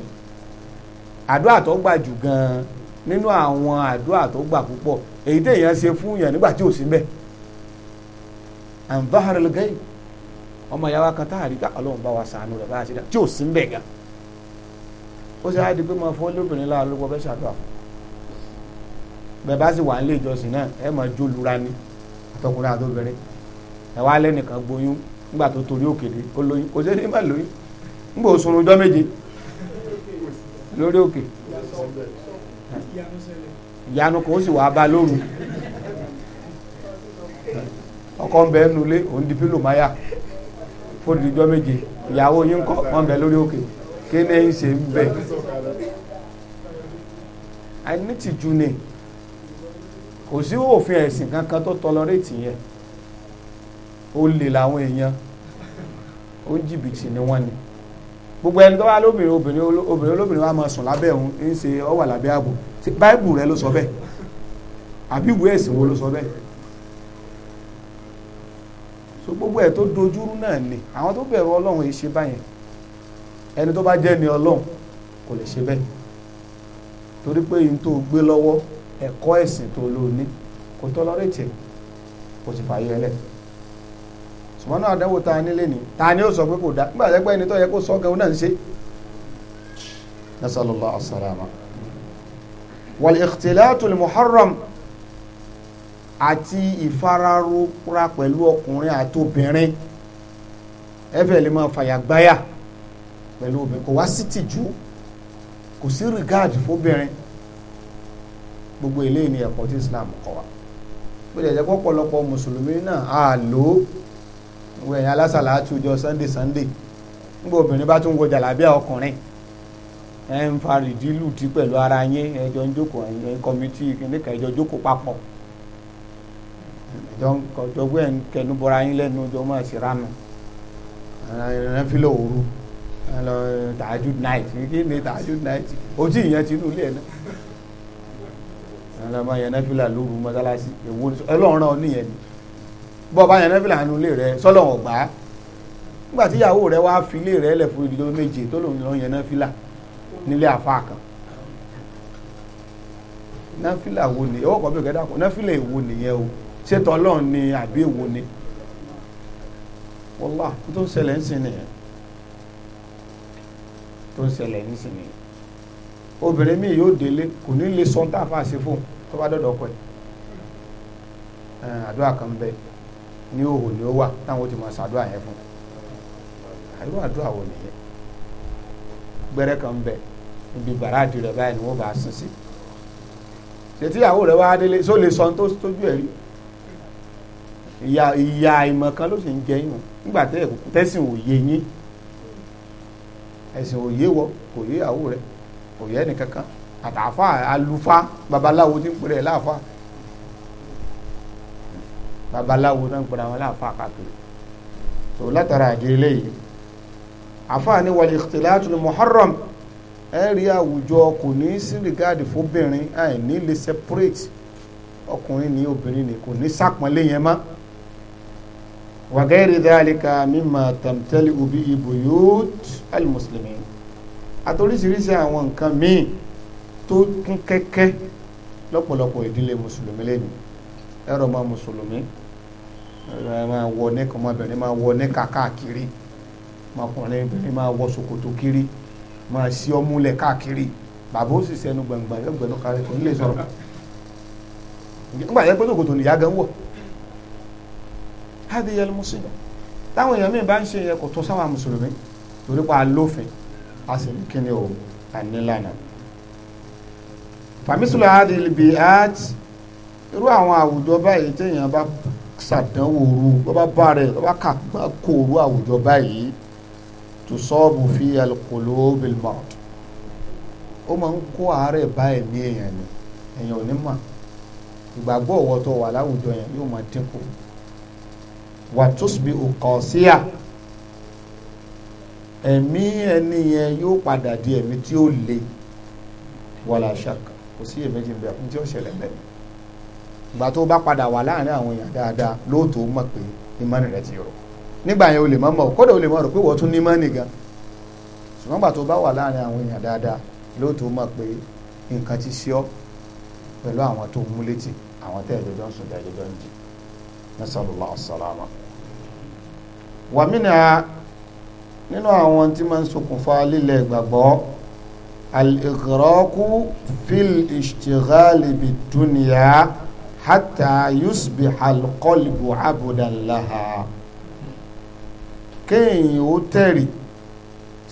àdúrà tó gbà jù gan-an nínú àwọn àdúrà tó gbà púpọ̀ èyí téèyàn ṣe fún yàn nígbà tí ò sí mbẹ́ àǹbáhàrẹ̀ lẹ́gẹ́yìn ọmọ ìyá wa kan táàrí ká ọlọ́run bá wa sànù rẹ̀ bá a ṣe dá tí ò sí mbẹ̀ gan ó ṣe á máa fọ́ lóbìnrin láàárọ̀ lọ́wọ́ bẹ́ẹ̀ ṣàdúrà fún un bẹ́ẹ̀ bá sì wà nílé ìjọsìn náà ẹ máa jó lura ni àtọkùnrin àtobìnrin ẹ wá lẹ́nìkan gboyún nígbà tó torí òkèlè ó lóyún kò sí ní má lóyún nígbà òsùn ọjọ́ méje lórí òkè ìyanu kò sì wàá bá lóru ọkọ ń bẹ ẹnu lé òun di pílò fóònù ìjọ méje ìyàwó yín kọ wọn bẹ lórí òkè kí ń ṣe ń bẹ àìnítìjú ni kò sí òfin ẹ̀sìn kankan tó tọlọrétì yẹn ó lè làwọn èèyàn ó ń jìbìtì ni wọ́n ni gbogbo ẹni tó wá lóbìnrin obìnrin obìnrin olóbìnrin wa máa sùn lábẹ́ òun ń ṣe ó wà lábẹ́ ààbò báìbù rẹ ló sọ bẹ́ẹ̀ àbí ìwé ẹ̀sìn wo ló sọ bẹ́ẹ̀ so gbogbo ẹ̀ tó dojúrú náà ni àwọn tó bẹ̀rù ọlọ́run yìí ṣe báyẹn ẹni tó bá jẹ́ ni ọlọ́run kò lè ṣe bẹ́ẹ̀ torí pé yìí tó gbé lọ́wọ́ ẹ̀kọ́ ẹ̀sìn tó lò ní kò tọ́lọ́rẹ́tì kò sì fààyè ẹlẹ́ ṣùgbọ́n náà àdánwò ta nílé ni ta ni ó sọ pé kò dá nígbà tẹ́ pé ẹni tó yẹ kó sọ kẹun náà ń ṣe nasallallahu asalama wal ikhtilatul muharram àti ìfararora pẹ̀lú ọkùnrin àtobìnrin ẹ̀fẹ̀ lè máa fàyàgbáyà pẹ̀lú obìnrin kò wá sí tìjú kò sí rìgáàdì fóbìnrin gbogbo eléyìí ni ẹ̀kọ́ tí Islam kọ́ wa bó lè jẹ́ pé ọ̀pọ̀lọpọ̀ mùsùlùmí náà á lò ó gbogbo ẹ̀yìn alásàlá àtújọ Sunday Sunday nígbà obìnrin bá tún wo jàlábíà ọkùnrin ẹ̀ ń fa rìdílù tí pẹ̀lú ara yín ẹjọ́ ń jókòó ẹ̀yìn kọ́mítì kìnìkan ẹjọ́ jókòó papọ̀ ẹjọ́ ọjọ́gbẹ́ kẹnu bọra yín lẹ́nu ọjọ́ mọ́ ẹ̀sìránu ẹ̀rẹ́fílẹ̀ òru tààjú náìtì kí ni tààjú náìtì ojú ìyẹn ti inú ilé ẹ̀ náà ẹ̀rọ máa yẹn nẹ́fìlà lóru mọ́sálásí èwo ọlọ́run náà nìyẹn ni bọ́ ọba yẹn nẹ́fìlà nu ilé rẹ sọ́lọ́run ọ̀gbá nígbà tí ìyàwó rẹ wá fi ilé rẹ lẹ̀ fún ìdílé méje tó lòun lọ yẹn nẹ́fìlà nílé àfáà kan nẹ́fìlà wo ni ẹ̀wọ́ kan bí òkè dàpọ̀ nẹ́fìlà èwo nìyẹn o ṣé tọ́lọ́run ni àbí èwo ni wọ́lá tó ń ṣẹlẹ̀ ń sìn nìyẹn tó ń ṣẹlẹ̀ ń sìn nìyẹn obìnrin míì yóò délé kò ní lè sọ tá a fà ṣe fóun tó bá dọ̀dọ̀ ọkọ ẹ̀ àdúrà kan bẹ ní òhò ni ó wà táwọn ti máa ṣàdúrà yẹn fún àdúrà àdúrà wò nìyẹn gbẹrẹ kan bẹ ibi bàràdì rẹ báyìí ni wọn bá sin sí ṣètìyàwó rẹ wá délé só lè sọ tó tójú ẹ rí ìyá ìyá ìmọ̀ kan ló sì ń jẹ yín nígbà tẹ́sìn òye yín ẹ̀sìn òye wọ kò yé ìyàwó rẹ kò yẹ ẹnìkankan àtàfà àlùfà babaláwo ní pèrè ẹ̀ láàfà babaláwo náà pèrè àwọn láàfà káàkiri tó látara àdìrẹ́lẹ̀ yìí àfà ni wàlẹ̀ ìtìlátùn muharram ẹ rí àwùjọ kò ní sí rìgáàdì fóbìnrin àìní lè separate ọkùnrin ní obìnrin ní kò ní sàpọ́nlé yẹn mọ́ wàgẹ́rì dhalika mimma tamtali ubi ibuyut al àtoríṣiríṣi àwọn nǹkan míì tó kún kẹ́kẹ́ lọ́pọ̀lọpọ̀ ìdílé mùsùlùmí lẹ́nu ẹ̀rọ ọmọ mùsùlùmí ma wọ nẹ́ka ọmọbìnrin ma wọ nẹ́ka káàkiri ọmọkùnrin obìnrin máa wọ ṣòkòtò kiri ma sí ọmúlẹ̀ káàkiri bàbá ó sì sẹ́nu gbangba yóò gbẹ̀nu kárí kò ní lè sọ̀rọ̀ nígbà yẹn pé ṣòkòtò nìyá gan wọ̀ hádìyẹ ló mú sí i táwọn èèyàn míì bá ń ṣe yẹn kò tó sáwọn mùsùlùmí torí pa alófin a sì ní kíni o ànílànà fàmísùlù àdìlìbì àt irú àwọn àwùjọ báyìí téèyàn bá ṣàdánwò ru ló bá bá rẹ ló bá kà bá kó ru àwùjọ báyìí tó sọ́ọ̀bù fi alukolo bilmọ̀t ó máa ń kó àárẹ̀ bá ẹ̀mí èèyàn ni èèyàn ò ní mọ̀ ìgbàgbọ́ ọ̀wọ́ wà láwùjọ yẹn yóò máa dínkù wàtúsùbí òkàn síyà. ẹ̀mí ẹni yẹn yóò padà di ẹ̀mí tí ó le wàlá ṣàkà kò sí èméjì ń tí ó ṣẹlẹ̀ bẹ́ẹ̀ ìgbà tó bá padà wà láàrin àwọn èèyàn dáadáa lóòótọ́ mọ̀ pé ti rọ̀ nígbà yẹn o lè mọ̀ mọ̀ kódà o lè mọ̀ pé wọ́n tún ní gan ṣùgbọ́n ìgbà tó bá wà láàrin àwọn èèyàn dáadáa lóòótọ́ mọ̀ pé nǹkan ti ọ́ pẹ̀lú àwọn tó mú létí àwọn tẹ́ ń sùn salama nínú àwọn tí máa ń ṣokùnfà lílẹ̀ ìgbàgbọ́ al-ighraku fil ishtighali bid-dunya hatta yusbiha al-qalbu abdan laha kéèyàn ó tẹ̀rì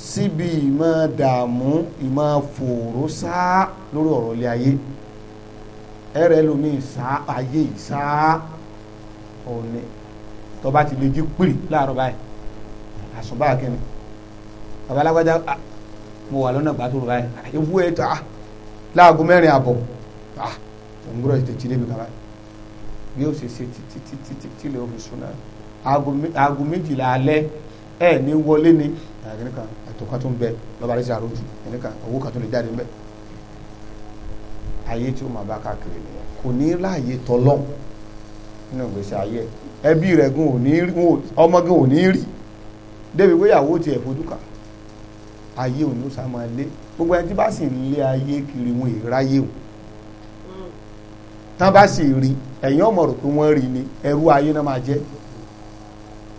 síbi ìmọ̀ dààmú ìmọ̀ fòòró sáá lórí ọ̀rọ̀ ilé ayé ẹ̀rẹ̀ lómi ayé ìsáá òní tó ti lè jí pìrì láàárọ̀ báyìí àṣùbà kínní bàbá alágbájá mo wà lọ́nà gbàtòrò báyìí ewu ẹ̀ tó a láago mẹ́rin àbọ̀ a òun gbọ́dọ̀ tètè tí débi kaba bí ó ṣe ṣe títí títí títí lè fi sùn náà aago méjìlá alẹ́ ẹ̀ ní wọlé ni àgbẹ̀ni kan ètò kan tó ń bẹ lọ́ba rẹ̀ ṣe àròjù ẹni kan owó kan tó lè jáde ń bẹ ayé tí ó máa bá káàkiri nìyẹn kò ní láàyè tọ́lọ́ nínú ìgbésí ayé ẹbí rẹ̀ gun ò ní rí ọmọ gun ò ní rí débi pé ìyàwó tiẹ̀ fojú kà ayé òun ló sá máa lé gbogbo ẹni tí bá sì ń lé ayé kiri wọn ìráyé o tán bá sì rí ẹ̀yìn ọmọ rò pé wọ́n rí ni ẹrú ayé náà máa jẹ́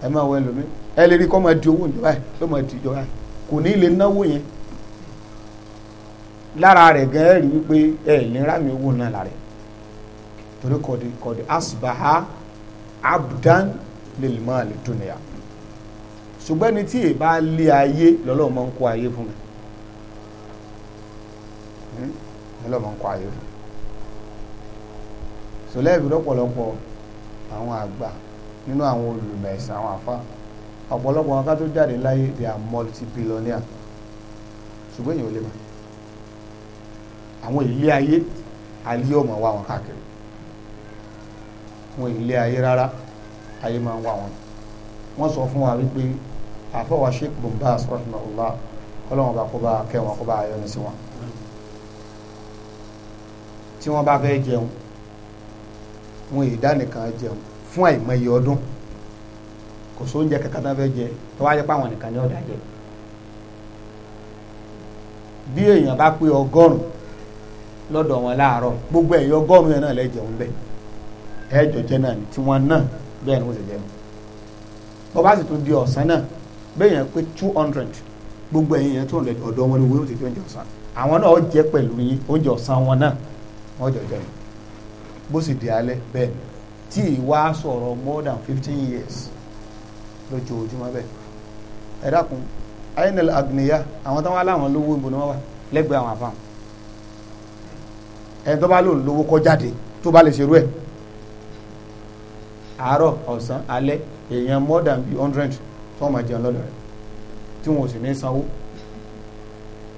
ẹ máa wọ ẹlòmí ẹ lè rí kọ́ máa di owó ìjọba ẹ ló máa di ìjọba ẹ kò ní lè náwó yẹn lára rẹ̀ gan ẹ rí wípé ẹ ní rámi owó náà lára ẹ torí kọ̀dí kọ̀dí asbaha abdan lil mal dunya ṣùgbọ́n ní tí èbá lé ayé lọ́lọ́run máa ń kó ayé fún mi lọ́lọ́run hmm? máa ń kó ayé fún mi sọlẹ́ẹ̀bì lọ́pọ̀lọpọ̀ àwọn àgbà nínú àwọn olùmẹ̀sìn àwọn àfa ọ̀pọ̀lọpọ̀ wọn ká tó jáde láyé they are multi-billionaire ṣùgbọ́n èèyàn ò lè mọ̀ àwọn ilé ayé ayé ọmọ wa wọn káàkiri àwọn ilé ayé rárá ayé máa ń wá wọn wọ́n sọ fún wa wípé àfọwà sheikh bumbas rahmanullah kọlọ́wọ́n bá kó bá kẹwọn kó bá yọ́nú sí wọn tí wọ́n bá fẹ́ jẹun wọn èyí dánìkan jẹun fún àìmọye ọdún kò sóúnjẹ kankan tó fẹ́ jẹ tó wáyé páwọn nìkan ní ọ̀dà jẹ bí èèyàn bá pé ọgọ́rùn lọ́dọ̀ wọn láàárọ̀ gbogbo ẹ̀yọ ọgọ́rùn yẹn náà lè jẹun bẹ́ẹ̀ ẹ̀ẹ́dọ̀ jẹ náà ni tiwọn náà bẹ́ẹ̀ ni wọ́n sì jẹun sì tún di ọ̀sán náà bẹ́ẹ̀ yẹn pé two hundred gbogbo ẹ̀yin yẹn two hundred ọ̀dọ̀ wọn ni wọ́n ti fi oúnjẹ ọ̀sán àwọn náà jẹ́ pẹ̀lú yín oúnjẹ ọ̀sán wọn náà wọ́n jọ jẹun bó sì di alẹ́ bẹ́ẹ̀ tí ìwà sọ̀rọ̀ more than fifteen years lójoojúmọ́ bẹ́ẹ̀ ẹ dákun inl agniya àwọn tó wá láwọn lówó ìbò ni wọ́n wà lẹ́gbẹ̀ẹ́ àwọn àfàm ẹni tó bá lòun lówó kọ́ jáde tó bá lè ṣerú ẹ̀ àárọ̀ ọ̀sán alẹ́ èèyàn more than one hundred tí wọ́n máa jẹun lọ́dọ̀ rẹ̀ tí wọn ò sì ní sanwó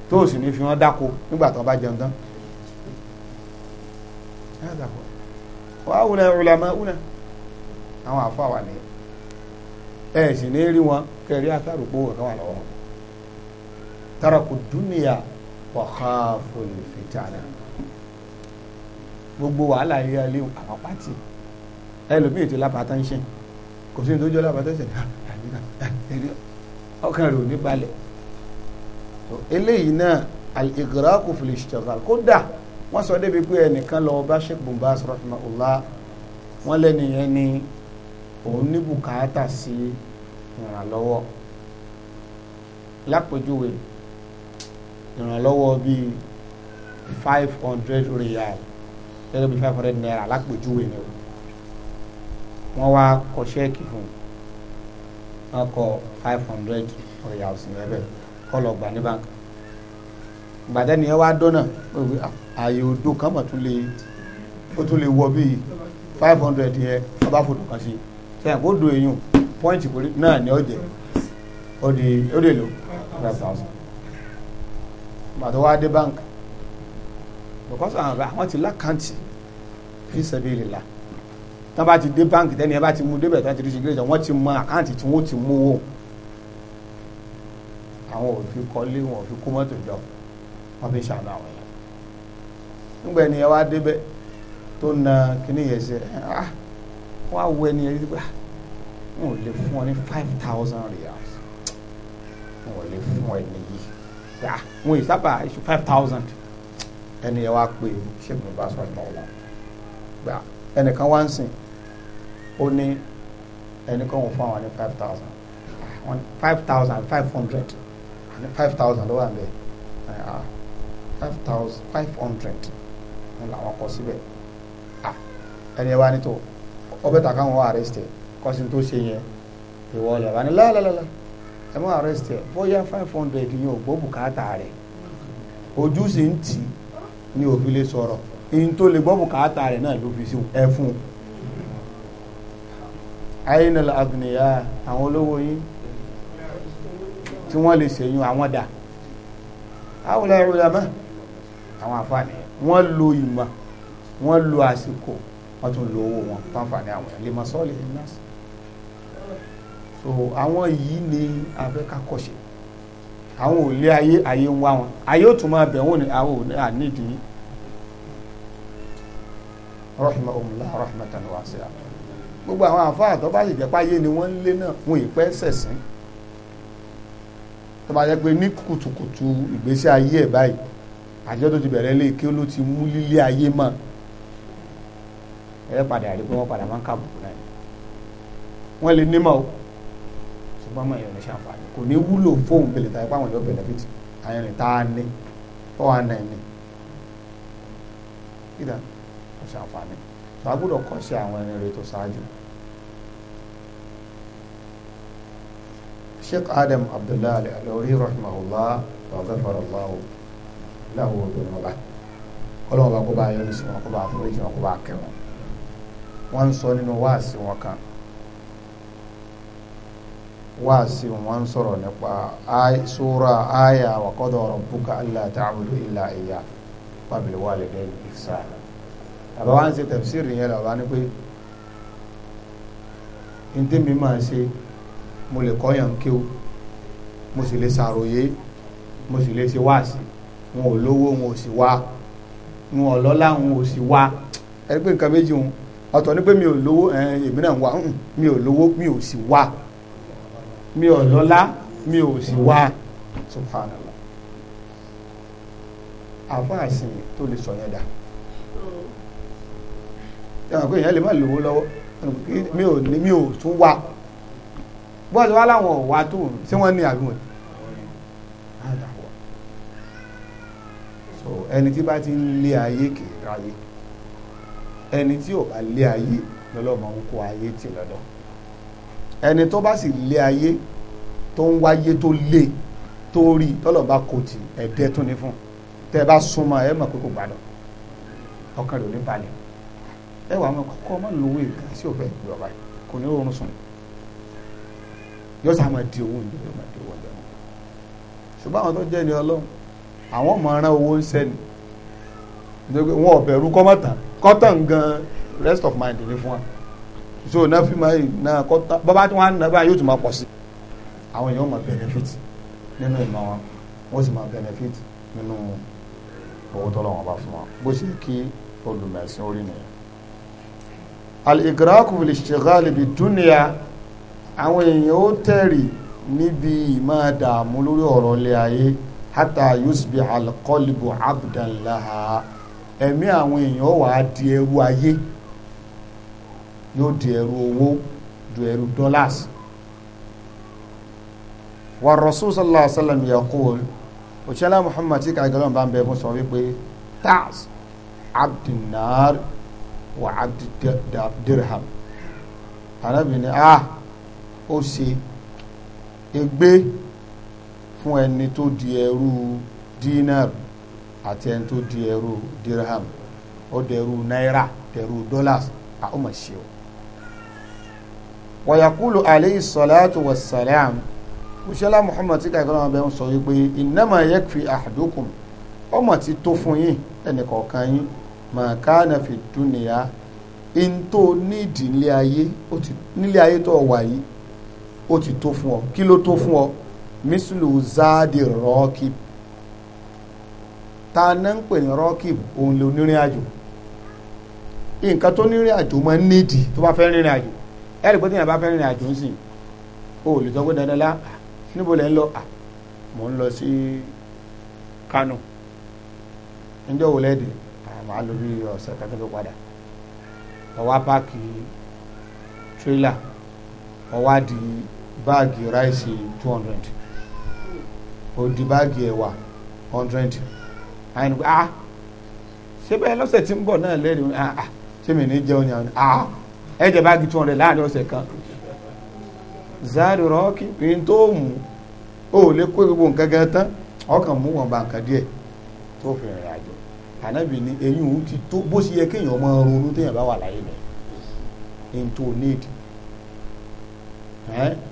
tó o sì ní fi wọn dáko nígbà tó bá jẹun tán wàá wùnà ìrùlàmọ́ wùnà àwọn àfọ àwà nìyẹn ẹ sì ní rí wọn kẹrí àtàrúgbó wọn káwọn lọ́wọ́ taraku dúnìyà wa khaful fitana gbogbo wàhálà ilé ayé àwọn pàtì ẹlòmíì ti lápá tán ṣe kò sí ní tó jọ lápá tán ṣe ní àná ọkàn rẹ̀ ò ní balẹ̀ eléyìí náà al-igraqu fil ishtighal kódà wọ́n sọ débi pé ẹnìkan lọ bá Sheikh bin Baz rahimahullah wọ́n lẹ́nìyẹn ni òun ní bùkátà sí ìrànlọ́wọ́ lápèjúwe ìrànlọ́wọ́ bíi five hundred riyal gẹ́gẹ́ bíi five hundred naira lápèjúwe ni o wọ́n wá kọ ṣẹ́ẹ̀kì fún un wọn kọ five hundred ọ̀yà ọ̀sìn lẹ́bẹ̀ kọ́ lọ gbà ní bank gbàdẹ́ni ẹ wá dọ́nà ààyè odò kan mọ̀ tún lè ó tún lè wọ bíi five hundred yẹn ọba fòtò kan sí sẹ́yìn kó do èyàn pọ́ìntì kò rí náà ni ó jẹ́ ó di ó lè lò five thousand gbàdọ́ wá dé bank because àwọn ti lákàntì fi sabilillah tán bá ti dé báǹkì tẹ́ni ẹ bá ti mú débẹ̀ tán ti rí sigirẹ́tì wọ́n ti mọ àkáǹtì tí wọ́n ti mú wò àwọn ò fi kọ́lé wọn ò fi kó mọ́tò jọ wọ́n fi ṣàánú àwọn yẹn nígbà ẹni ẹ wá débẹ̀ tó na kíní yẹn ṣe ah wọ́n á wọ ẹni ẹ gbà wọn ò lè fún ọ ní five thousand riyals wọn ò lè fún ọ ẹni yìí gbà wọn ì sábà five thousand ẹni ẹ wá pé ṣé mi bá sọ ẹ náà wọn gbà ẹnìkan wá ń sìn ó ní ẹnìkan wò fún àwọn ní five thousand One five thousand five hundred five thousand ló wà ń ah, five thousand five hundred ní làwọn kọ síbẹ̀ ah, ẹni ẹ wá ní tó ọbẹ̀ tà káwọn wá àrẹ́sìtẹ̀ kọ́sí tó ṣe yẹn ìwọ ọ̀lẹ̀ wá ní lálálálá ẹ mọ́ àrẹ́sìtẹ̀ bóyá five hundred yẹn ò gbọ́ bùkátà rẹ̀ ojú sì ń tì ní òfin lè sọ̀rọ̀ in tó lè gbọ́ bùkátà rẹ̀ náà ló fi sí ẹ fún ayinal agniya àwọn olówó yín tí wọ́n lè ṣèyún àwọn dà àwọn ulama àwọn àfààní wọ́n lo ìmọ̀ wọ́n lo àsìkò wọ́n tún lo owó wọn fáfàní àwọn ilé masọ́ọ̀lì nọ́ọ̀sì so àwọn yìí ni abẹ́kakọ̀ṣe àwọn ò lé ayé ayé ń wá wọn ayé ò tún máa bẹ̀ wọ́n ní àwọn ò ní àníjì yìí rahimahumullah rahmatan wasi'a gbogbo àwọn àfáà tó bá sì jẹ́ páyé ni wọ́n ń lé náà wọn ì pẹ́ sẹ̀sìn tó bá jẹ́ pé ní kùtùkùtù ìgbésí ayé ẹ̀ báyìí àjọ tó ti bẹ̀rẹ̀ lé kí ó ló ti mú lílé ayé mọ́ ẹ padà rí pé wọ́n padà máa ń kábùkù náà wọ́n lè nímọ̀ o ṣùgbọ́n mọ̀ èèyàn ní ṣàǹfààní kò ní wúlò fóun bẹ̀lẹ̀ tàbí pàwọn èèyàn bẹ̀nẹ̀fìtì àyẹ̀rìn tá a ní fọ́ wa náà ní ṣàǹfààní tó a gbọ́dọ̀ kọ́ sí àwọn ẹni rere tó ṣáájú. sheikh adam abdullahi alori rahimahullah wa ghafarallahu lahu dhunuba ọlọ́wọ́ bá kó bá yọ nísìnyí wọn kó bá àforíjì wọn kó bá kẹ́ wọn wọ́n ń sọ nínú wáàsí wọn kan wáàsí wọn ń sọ̀rọ̀ nípa sura aya wa qada rabbuka alla ta'budu illa iyyah wa bil walidayni ihsana bàbá wa ń ṣe tẹ̀síìrì yẹn bàbá ní pé n tí mi máa ṣe mo lè kọ́ yàn kí o mo sì lè ṣàròyé mo sì lè ṣe wáàsí wọn ò lówó wọn ò sì wá wọn ò wọn ò sì wá ẹni pé nǹkan méjì wọn ọ̀tọ̀ ni pé mi ò lówó èmi náà wà mi ò lówó mi ò sì wá mi ò lọ́lá mi ò sì wá subhanallah àfọ àsìn tó lè sọ yẹn dáa ẹ̀wọ̀n pé èèyàn lè má lówó lọ́wọ́ mi ò ní mi ò tún wá bọ́ọ̀sì wá láwọn ò wá tó ṣé wọ́n ní àbí wọn so ẹni tí bá ti ń lé ayé kìí ráyé ẹni tí ò bá lé ayé lọ́lọ́mọ ń kó ayé tì lọ́dọ̀ ẹni tó bá sì lé ayé tó ń wáyé tó lé tó rí tọ́lọ̀ kò tì ẹ̀dẹ́ tó ní fún tẹ́ bá súnmọ́ ẹ mọ̀ pé kò gbádùn ọkàn rẹ̀ ò ní balẹ̀ ẹ wà mọ kọ́ ọmọ lówó ìgbà sí ọ̀fẹ́ ìgbà ọ̀bá kò ní oorun sùn yóò sá máa di owó ìjọ yóò máa di owó ìjọ ṣùgbọ́n àwọn tó jẹ́ ni ọlọ́run àwọn ọmọ aràn owó ń sẹ́ni wọn ò bẹ̀rù kọ́mọ̀tà kọ́tàn gan rest of mind ní fún wa so náà fi máa náà kọ́tà bọ́bá tí wọ́n á nà báyìí yóò tún máa pọ̀ sí àwọn èèyàn máa benefit nínú ìmọ̀ wọn wọ́n sì máa benefit nínú owó tọ́lọ́wọ́n bá fún wọn bó ṣe kí olùmẹ̀sìn orí nìyẹn al-igraku bil ishtighal bid dunya àwọn èèyàn ó tẹ̀rì níbi ìmọ̀ dààmú lórí ọ̀rọ̀ ilé ayé hatta yusbi al-qalbu abdan laha ẹ̀mí àwọn èèyàn ó wàá di ẹrú ayé yóò di ẹrú owó di ẹrú dollars wa rasul sallallahu alaihi wa sallam yaqul òṣèlú muhammad tí kàgẹ́lọ́n bá ń bẹ fún sọ wípé abdinnar wà á dirham arábìnrin a ó ṣe ègbé fún ẹni tó di ẹrú dinar àti ẹni tó di ẹrú dirham ó dẹrú náírà dẹrú dollars a ó mà ṣe o wàyàkúlù aleyhi salatu wa salam òṣèlá muhammad tí kàkọ́ náà bẹ́ẹ̀ sọ wípé innama yakfi ahadukum ọmọ ti tó fún yín ẹnì kọ̀ọ̀kan yín màkánà fi dúnìyà in tó nídìí nílé ayé nílé ayé tó wà yìí ó ti tó fún ọ kí ló tó fún ọ mísìlù záàdì rọ́ọ̀kìb ta ná ń pè ní rọ́ọ̀kìb òun lè onírìn àjò nǹkan tó nírìn àjò máa ń nídìí tó bá fẹ́ rìnrìn àjò ẹ̀rì pé tí bá fẹ́ rìnrìn àjò ń sìn o lè sọ dandan lá níbo lẹ́ ń lọ mò ń lọ sí Kano ǹjẹ́ òun lẹ́dẹ̀ẹ́ máa lò ọ̀sẹ̀ kan tó padà ọwá páàkì tírélà ọwá di báàgì ráìsì two ó di báàgì ẹ̀wà hundred àyìn pé ah ṣé bẹ́ẹ̀ lọ́sẹ̀ tí ń bọ̀ náà ah ah ṣé mi ní jẹun ah ẹ jẹ báàgì two láàrin ọ̀sẹ̀ kan zaari rọ́ọ̀kì ní tó mú o ò lè kó gbogbo nǹkan tán ànábì ni eyín òun ti tó bó ṣe yẹ kéèyàn máa ronú téèyàn bá wà láyé lọ in to need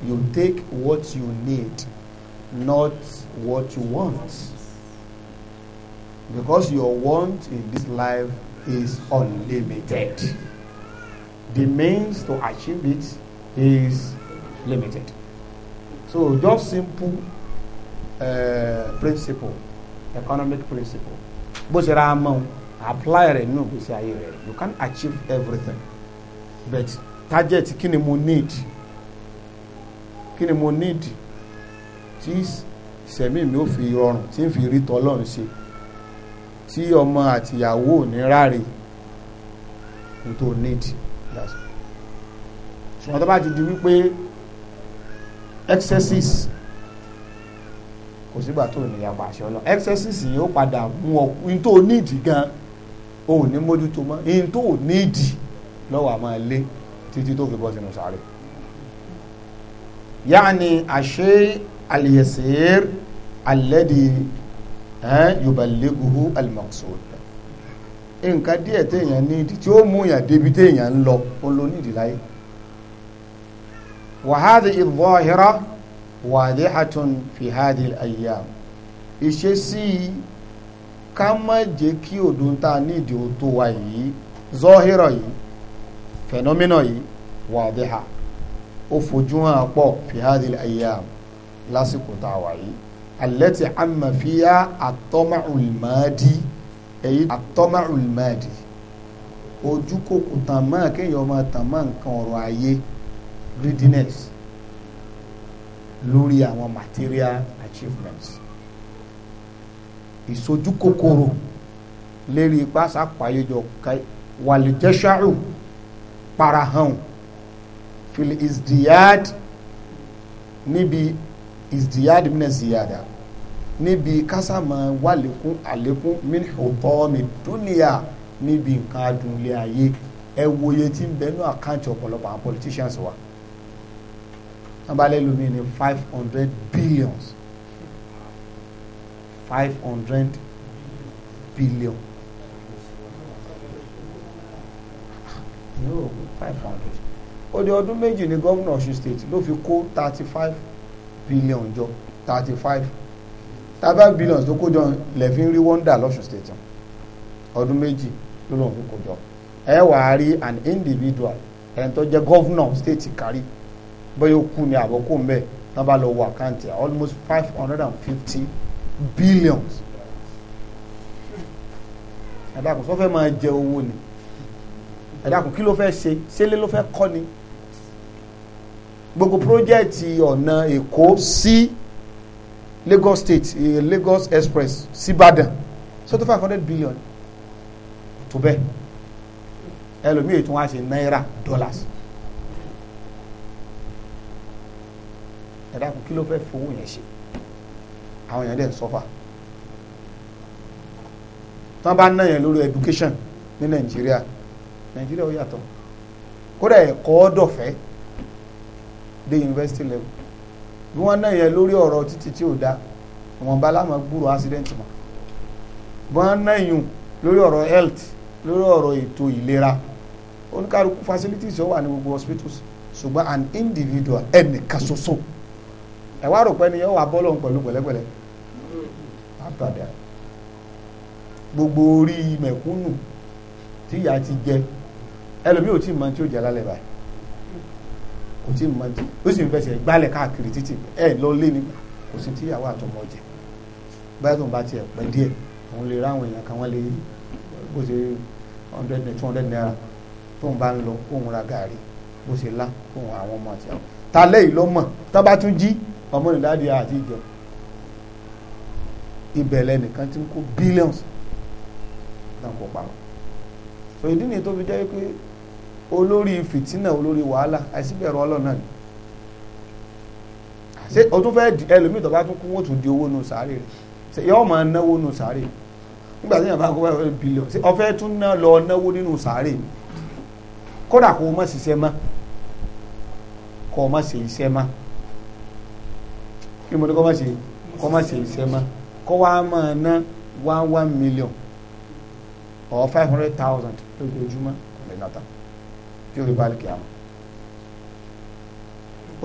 you take what you need not what you want because your want in this life is unlimited the means to achieve it is limited so just simple uh, principle economic principle bó ṣe ra mọ́ o apply rẹ̀ nínú ìgbésí ayé rẹ̀ you can achieve everything but target kí ni mo need kí ni mo need tí ìṣẹ̀mí mi ò fi rọrùn tí n fi rí tọ́lọ́run ṣe tí ọmọ àtìyàwó ò ní ráre kò tó need ṣùgbọ́n tó bá ti di wípé excesses kò sígbà tó ní ìyapa àṣẹ ọlọ exercise yìí ó padà mú ọ in tó nídìí gan o ò ní mójútó mọ in tó nídìí lọ́wọ́ àmọ́ ilé títí tó fi bọ́ sínú sáré yaani àṣẹ àlìyẹsẹ̀ẹ́r alẹ́dì yubaliguhu almaqsud nǹkan díẹ̀ téèyàn nídìí tí ó mú yàn débi téèyàn ń lọ ó ló nídìí láyé wàhálà ìdọ́hìrá wadihatun fi hadil ayyam ìṣesí ká má jẹ́ kí òdun tá a nídìí ó tó wa yìí zọ́hírọ̀ yìí fẹ̀nọ́mínà yìí wadiha ó fojú hàn pọ̀ fi hadil ayyam lásìkò tá a wà yìí allati amma fiya èyí at ojú kòkòtàn máa kéèyàn máa tàn máa nǹkan ọ̀rọ̀ ayé greediness lórí àwọn material achievements ìsojú kòkòrò lérí ipá sàpàyéjọ wàlìjẹsàrù parahàn fil isdiyad níbi isdiyad mina ziyada níbi kásámà wàlékún àlékún min hutami dúnìyà níbi nǹkan adùnlé ayé ẹ wòye tí ń bẹnu àkáǹtì ọ̀pọ̀lọpọ̀ àwọn politicians wa abalẹ̀ lómi ní five hundred billions five hundred billion No, five hundred ó di meji ni ní gómìnà state ló fi ko thirty five billion jọ thirty five thirty five billion tó kó jọ lẹ́fín rí wọ́ndà lọ́ṣun state ọdún meji ló lọ́n fi kó jọ ẹ wàá rí an individual ẹni tó jẹ́ gómìnà state kárí bóyá ó kú ni àbọ̀kù ń bẹ̀ náà bá lọ wọ àkáǹtì almost five hundred and fifty billions ẹ̀dàkùn sọ fẹ́ máa jẹ owó ni ẹ̀dàkùn kí ló fẹ́ ṣe ṣélé ló fẹ́ kọ́ ni gbogbo pírójẹ́ẹ̀tì ọ̀nà èkó sí Lagos State eh, Lagos Express síbàdàn sọ́tọ́ five hundred billion tó bẹ́ẹ̀ ẹlòmíì tún wá ṣe náírà dollars. ẹ dákun kí ló fẹ́ fowó yẹn ṣe àwọn èèyàn dẹ̀ ń sọ́fà tán bá ná yẹn lórí education ní nàìjíríà nàìjíríà ó yàtọ̀ kódà ẹ̀kọ́ dọ̀fẹ́ dé university level bí wọ́n ná yẹn lórí ọ̀rọ̀ títí tí ò da wọ́n bá láwọn gbúrò accident mọ́ bí wọ́n ná yùn lórí ọ̀rọ̀ health lórí ọ̀rọ̀ ètò ìlera oníkàlùkù facilities ó wà ní gbogbo hospitals ṣùgbọ́n an individual ẹnìkan ṣoṣo ẹ wá rò pé ni yóò wá bọ́ lọ́hùn pẹ̀lú pẹ̀lẹ́pẹ̀lẹ́ àbàdà gbogbo orí mẹ̀kúnnù tí ìyá ti jẹ ẹlòmíì ò tí ì mọ tí ó jẹ lálẹ́ báyìí kò tí ì mọ tí ó sì ń fẹsẹ̀ gbálẹ̀ káàkiri títì ẹ lọ lé nígbà kò sí tí àtọmọ jẹ báyìí tó ń bá tiẹ̀ pẹ́ díẹ̀ òun lè ráwọn èèyàn kan wọ́n lè bó ṣe hundred naira two hundred naira tó ń bá ń lọ kóun ra gàrí bó ṣe lá kóun àwọn ọmọ àti àwọn talẹ́ ìlọ́mọ̀ tó bá tún jí ọmọ ìdádì àti ìjọ ìbẹ̀lẹ̀ nìkan tí ń kó billions náà kó parọ́ so ìdí nìyí tó fi jẹ́ pé olórí fìtínà olórí wàhálà àìsíbẹ̀rù ọlọ́run náà ni ṣé o tún fẹ́ẹ́ ẹlòmíì tó bá tún kú wọ́n tún di owó nù sáré rẹ̀ ṣe yọ́ọ́ máa náwó nù sáré nígbà tí yàrá bá kó báyọ̀ bílíọ̀n ṣe ọ̀fẹ́ tún ná lọ náwó nínú sáré mi kódà kó o ṣiṣẹ́ mọ́ kó o ṣe iṣẹ́ mọ́ kí mo ní kọ́ má ṣe kọ́ má ṣe iṣẹ́ má kọ́ wá máa ná one one million or five hundred thousand lójoojúmọ́ lẹ́nàtà tí o rí báàlì kìá mọ́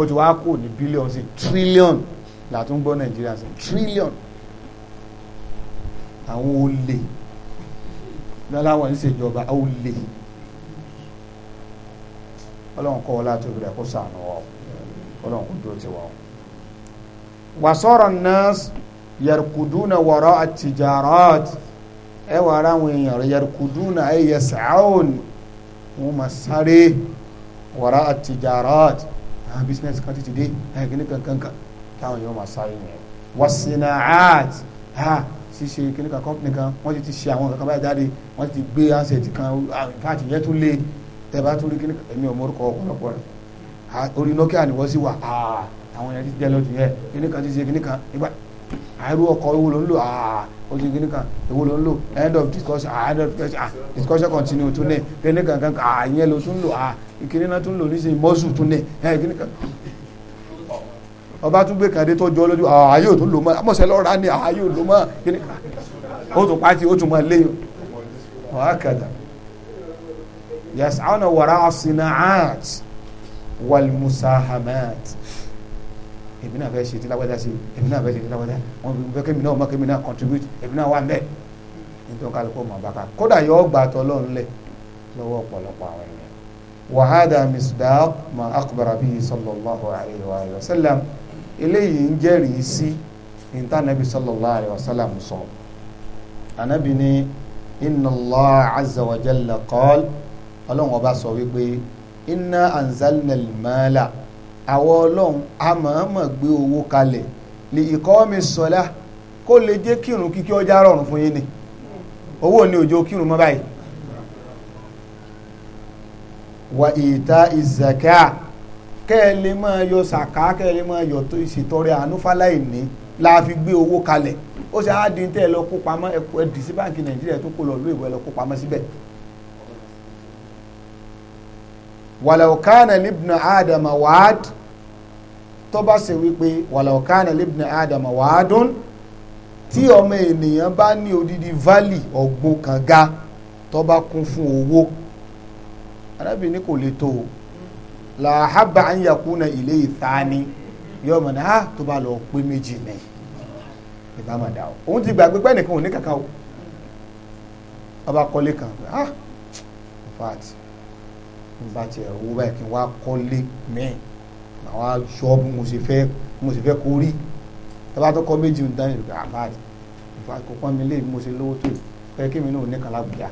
o ti wá kó ní bílíọ̀n sí tírílíọ̀n làtún gbọ́ nàìjíríà sí tírílíọ̀n àwọn olè lọ́láwọ̀ ń ṣèjọba olè ọlọ́run kọ́ ọ láti obìnrin kó sànù ọ ọlọ́run kó dúró ti wà ọ wasọ́rọ̀ nọ́ọ̀sì yarkuduna wọ̀rọ̀ àtijarọ́t ẹ wà ara àwọn èèyàn rẹ̀ yarkuduna ẹ yẹ sàáhùn wọn mà sáré wọ̀rọ̀ àtijarọ́t àwọn bísínẹ́sì kan ti dé ẹ̀ kíní kankankan táwọn yóò mà sáré yẹn wasinaat ha ṣíṣe kíní kan kọ́mpìnì kan wọ́n ti ti ṣe àwọn kankan báyìí jáde wọ́n ti gbé ansẹ̀tì kan káàtì ah, yẹn tún lé tẹ̀ bá tún rí kíní kan èmi ò mórúkọ ọ̀pọ̀lọpọ̀ nokia ni wọ́n sì wà áà. Ah! àwọn yẹn ti jẹ́ ló yẹ kíní kan ti ṣe kíní kan ìgbà àìrú ọkọ̀ ewu ló ń lò àà ó ti kíní kan ewu ló ń lò end of discussion ah end of discussion ah discussion continue tún ní kíní kan kan ah ìyẹn ló tún lò ah kíní náà tún lò ní sèyí mọ́sù tún ní ẹ kíní kan ọba tún gbé kàdé tó jọ lójú àà yóò tún lò mọ́ amọ̀sẹ̀ lọ́ra ni àà yóò lò mọ́ kíní kan ó tún pàtì ó tún mọ́ léyìn wàhákàdà yas'ana wara as-sina'at wal èmi náà fẹ́ ṣe ti lágbájá sí èmi náà fẹ́ ṣe ti lágbájá wọn fẹ́ kémi náà mọ kémi náà contribute èmi náà wà ń bẹ̀ nítorí kálukú ọmọ bàkà kódà yọ ọgbà tọlọ́run lẹ̀ lọ́wọ́ ọ̀pọ̀lọpọ̀ àwọn ènìyàn wàhádà misdaq ma akbara bíi sallallahu alayhi wa sallam eléyìí ń jẹ́rìí sí níta anabi sallallahu alayhi wa sallam sọ anabi ni inna allah azza wa jalla ọlọ́run ọba sọ wípé inna anzalna al àwọn ọlọ́run a mọ̀ gbé owó kalẹ̀ lè ìkọ́ mi sọlá kó lè jẹ́ kírun kíkí ọjà rọrùn fún yín ni owó ni òjò kírun mọ́ báyìí wà ìta ìzàká kẹ́ẹ̀lẹ́ máa yọ sàká máa yọ la fi gbé owó kalẹ̀ ó ṣe á ẹ lọ kó pamọ́ sí báńkì nàìjíríà tó kó lọ wàlàkánà libna adam wàd tó bá ṣe wípé wàlàkánà libna adam wàdún tí ọmọ ènìyàn bá ní odidi valley ọ̀gbun kànga tó bá kún fún owó arábìnrin kò lè tó o làhábà ń yàkúnà ilé ìtaani yóò mọ̀ náà ah, tó bá lọ pé méjì ní ìbá máa dà o òun ti gbàgbé pẹ́ nìkan ò ní o ọba kọ́lé kan ah in fact bá tiẹ̀ owó báyìí kí n wá kọ́lé mẹ́ẹ̀ àwọn aṣọ́ọ̀bù mo sì fẹ́ mo sì fẹ́ kó rí ẹ bá tó kọ́ méjì ń dání ìgbà àbáyé ah, ìfà kò pọ́n mi lé mo sì lówó tó fẹ́ kí mi náà ní kan lábùjá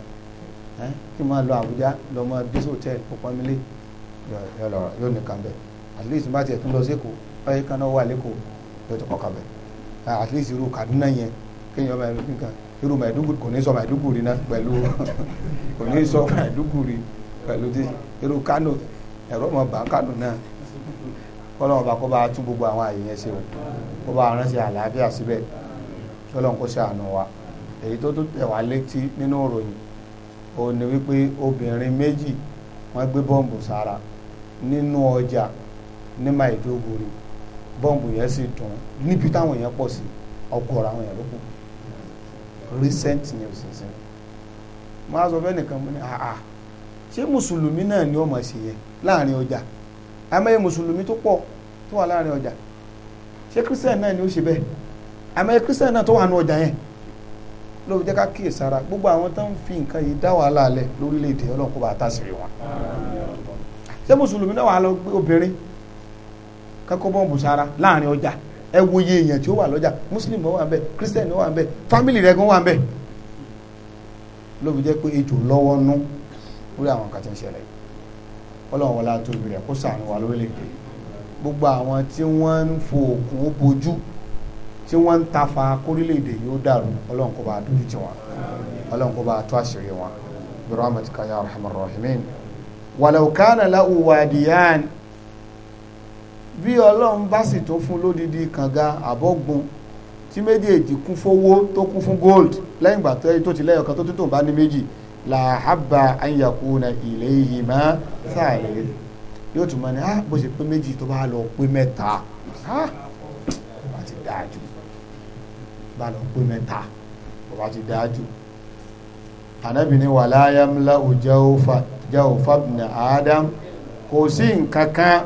kí n máa lọ àbújá lọ mọ dis hotel kò pọ́n mi lé yóò nìkan bẹ́ẹ̀ at least bá tiẹ̀ tún lọ sí èkó ọyẹ kan náà wà lẹ́kọ̀ọ́ yóò tó kọ́kọ́ bẹ́ẹ̀ ah, at least irú Kaduna yẹn kéèyàn máa lọ nǹkan irú Maiduguri kò ní sọ Maiduguri náà pẹ̀lú kò ní sọ Maiduguri pẹ̀lú tí irú kánò ẹ̀rọ mọ̀ bá kánò náà kọ́lọ́wọ́n bá kó bá tún gbogbo àwọn àyè yẹn ṣe o kó bá ránṣẹ́ àlàáfíà síbẹ̀ kọ́lọ́wọ́n kó ṣàánú wa èyí tó tún tẹ̀ wá létí nínú ìròyìn ó ní wípé obìnrin méjì wọ́n gbé bọ́ǹbù sára nínú ọjà ní Maiduguri bọ́ǹbù yẹn sì dùn níbi táwọn èèyàn pọ̀ sí ọ̀gọ̀ọ̀rọ̀ àwọn èèyàn ló kù recent news sísìn máa sọ fẹ́ nìkan mú ní àà ṣé mùsùlùmí náà ni ó mọ̀ sí yẹ láàrin ọjà àmọ́ mùsùlùmí tó pọ̀ tó wà láàrin ọjà ṣé kírísítẹ̀n náà ni ó ṣe bẹ́ẹ̀ àmọ́ kírísítẹ̀n náà tó wà ní ọjà yẹn ló fi jẹ́ ká kíyè sára gbogbo àwọn tó ń fi nǹkan yìí dá wàhálà alẹ́ lórílẹ̀‐èdè ọlọ́run kó bá tàṣírí wọn. ṣé mùsùlùmí náà wà lọ gbé obìnrin kẹ́kọ̀ọ́ bọ́ǹbù sára láàrin ọjà ẹ wo iye èèyàn tí ó wà lọ́jà mùsùlùmí wà ń bẹ̀ kírísítẹ̀n wà ń bẹ̀ fámìlì rẹ̀ gan wà ń bẹ̀ ló fi jẹ́ pé ejò lọ́wọ́ nú lórí àwọn nǹkan tí ń ṣẹlẹ̀ ọlọ́run wọlá tóbi rẹ̀ kó ṣàánú wa lórílẹ̀‐èdè gbogbo àwọn tí wọ́n ń fo òkun bojú tí wọ́n ń tafa kórílẹ̀‐èdè yóò dàrú ọlọ́run kó bá dojú tì wọ́n ọlọ́run kó bá tó àṣírí wọn bi rahmatika ya arhamar rahimin walau kana lahu wadiyan bí ọlọ́run bá sì tó fún lódìdí kànga àbọ̀gbọ́n tí méjèèjì kún fowó tó kún fún gold lẹ́yìn ìgbà tó ti lẹ́yọ̀kan tó tún tó bá ní méjì làhábà ànyàkúnà ilé yìí mọ́ sáàlẹ̀ yóò tún mọ́ ni ah bó ṣe pé méjì tó bá lọ pé mẹ́ta ah bá ti dáa jù bá lọ pé mẹ́ta bá ti dáa jù ànábì ni wàláyàmlá òjàòfà jáòfàbìnà adam kò sí nǹkan kan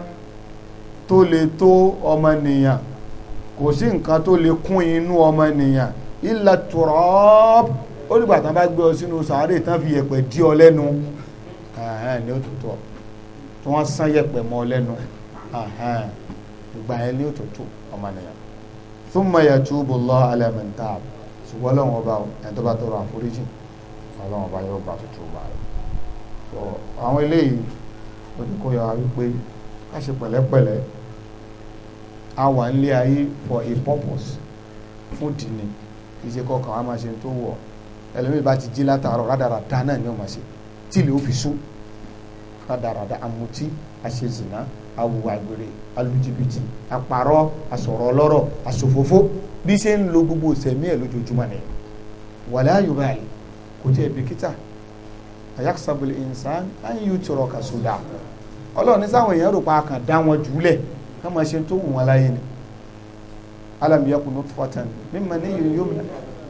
tó lè tó ọmọnìyàn kò sí nǹkan tó lè kún inú ọmọnìyàn illa turab ó dìgbà tán bá gbé ọ sínú sàárè tán fi yẹ̀pẹ̀ dí ọ lẹ́nu ní òtútù ọ tí wọ́n sán yẹ̀pẹ̀ mọ́ ọ lẹ́nu ìgbà yẹn ní òtútù ọmọnìyàn thumma yatubu Allahu ala man tab ṣùgbọ́n lọ́wọ́ ọba ẹni tó bá tọrọ àforíjì ọlọ́wọ́ ọba yóò gbà tútù ọba rẹ̀ àwọn eléyìí ó ní kó yọ wa wípé ká ṣe pẹ̀lẹ́pẹ̀lẹ́ a wà nílé ayé for a purpose fún dìní kì í ṣe kọkàn wa máa ṣe tó wọ̀ ẹlẹ́mìí bá ti jí látàárọ̀ rádaràda náà ni ó máa ṣe tí ilé ó fi sú rádaràda àmutí àṣezìnà awùwà àgbèrè alùjìbìtì àpàrọ̀ àsọ̀rọ̀ ọlọ́rọ̀ àsòfófó bí ṣe ń lo gbogbo ìsẹ̀mí ẹ̀ lójoojúmọ́ nìyẹn wàlẹ́ àyùbá yìí kò tí ẹ̀ bìkítà ayakisabul insan an yu tọrọ ka so daa Ọlọ́run ní sáwọn èèyàn rò pa kàn dá wọn jùlẹ ká máa ṣe tó wọn láyé ni alam yakunu fatan mimma ni yìí yóò mi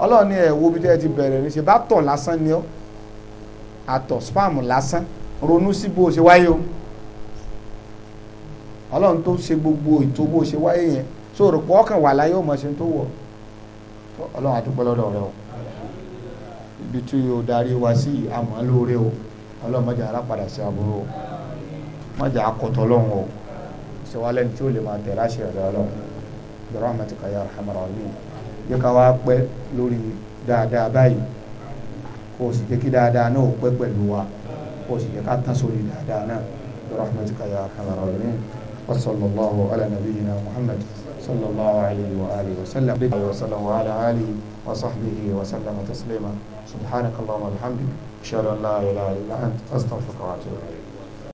ọlọ́run ní ẹ̀wọ́ bí tẹ́ ti bẹ̀rẹ̀ ní ṣe bá tọ̀ lásán ni ọ́ àtọ̀ spam lásán ronú sí bó ṣe wáyé o ọlọ́run tó ṣe gbogbo ètò bó ṣe wáyé yẹn so rò pọ̀ ọkàn wà láyé òmò ṣe tó wọ̀ ọlọ́run àdúpẹ́ lọ́dọ̀ rẹ o ibi tí o darí wa sí àmọ́ lóore o ọlọ́run mọ̀jà alápadà sí àbúrò o mọ̀jà akọ̀tọ̀ lọ́hùn o ṣe wá lẹ́ni tí ó lè máa tẹ̀ láṣẹ ọ̀dọ̀ ọlọ́run bí rahmatika ya arhamar rahimin jẹ́ ká wá pẹ́ lórí dáadáa báyìí kó o sì jẹ́ kí dáadáa náà pẹ́ pẹ̀lú wa kó o sì jẹ́ ká tán sórí dáadáa náà rahmatika ya arhamar rahimin wa ala nabiyyina muhammad sallallahu alayhi wa alihi wa sallam wa sallallahu ala alihi wa sahbihi wa sallama taslima subhanakallahumma wa bihamdika ashhadu an ilaha illa anta astaghfiruka wa atubu ilayk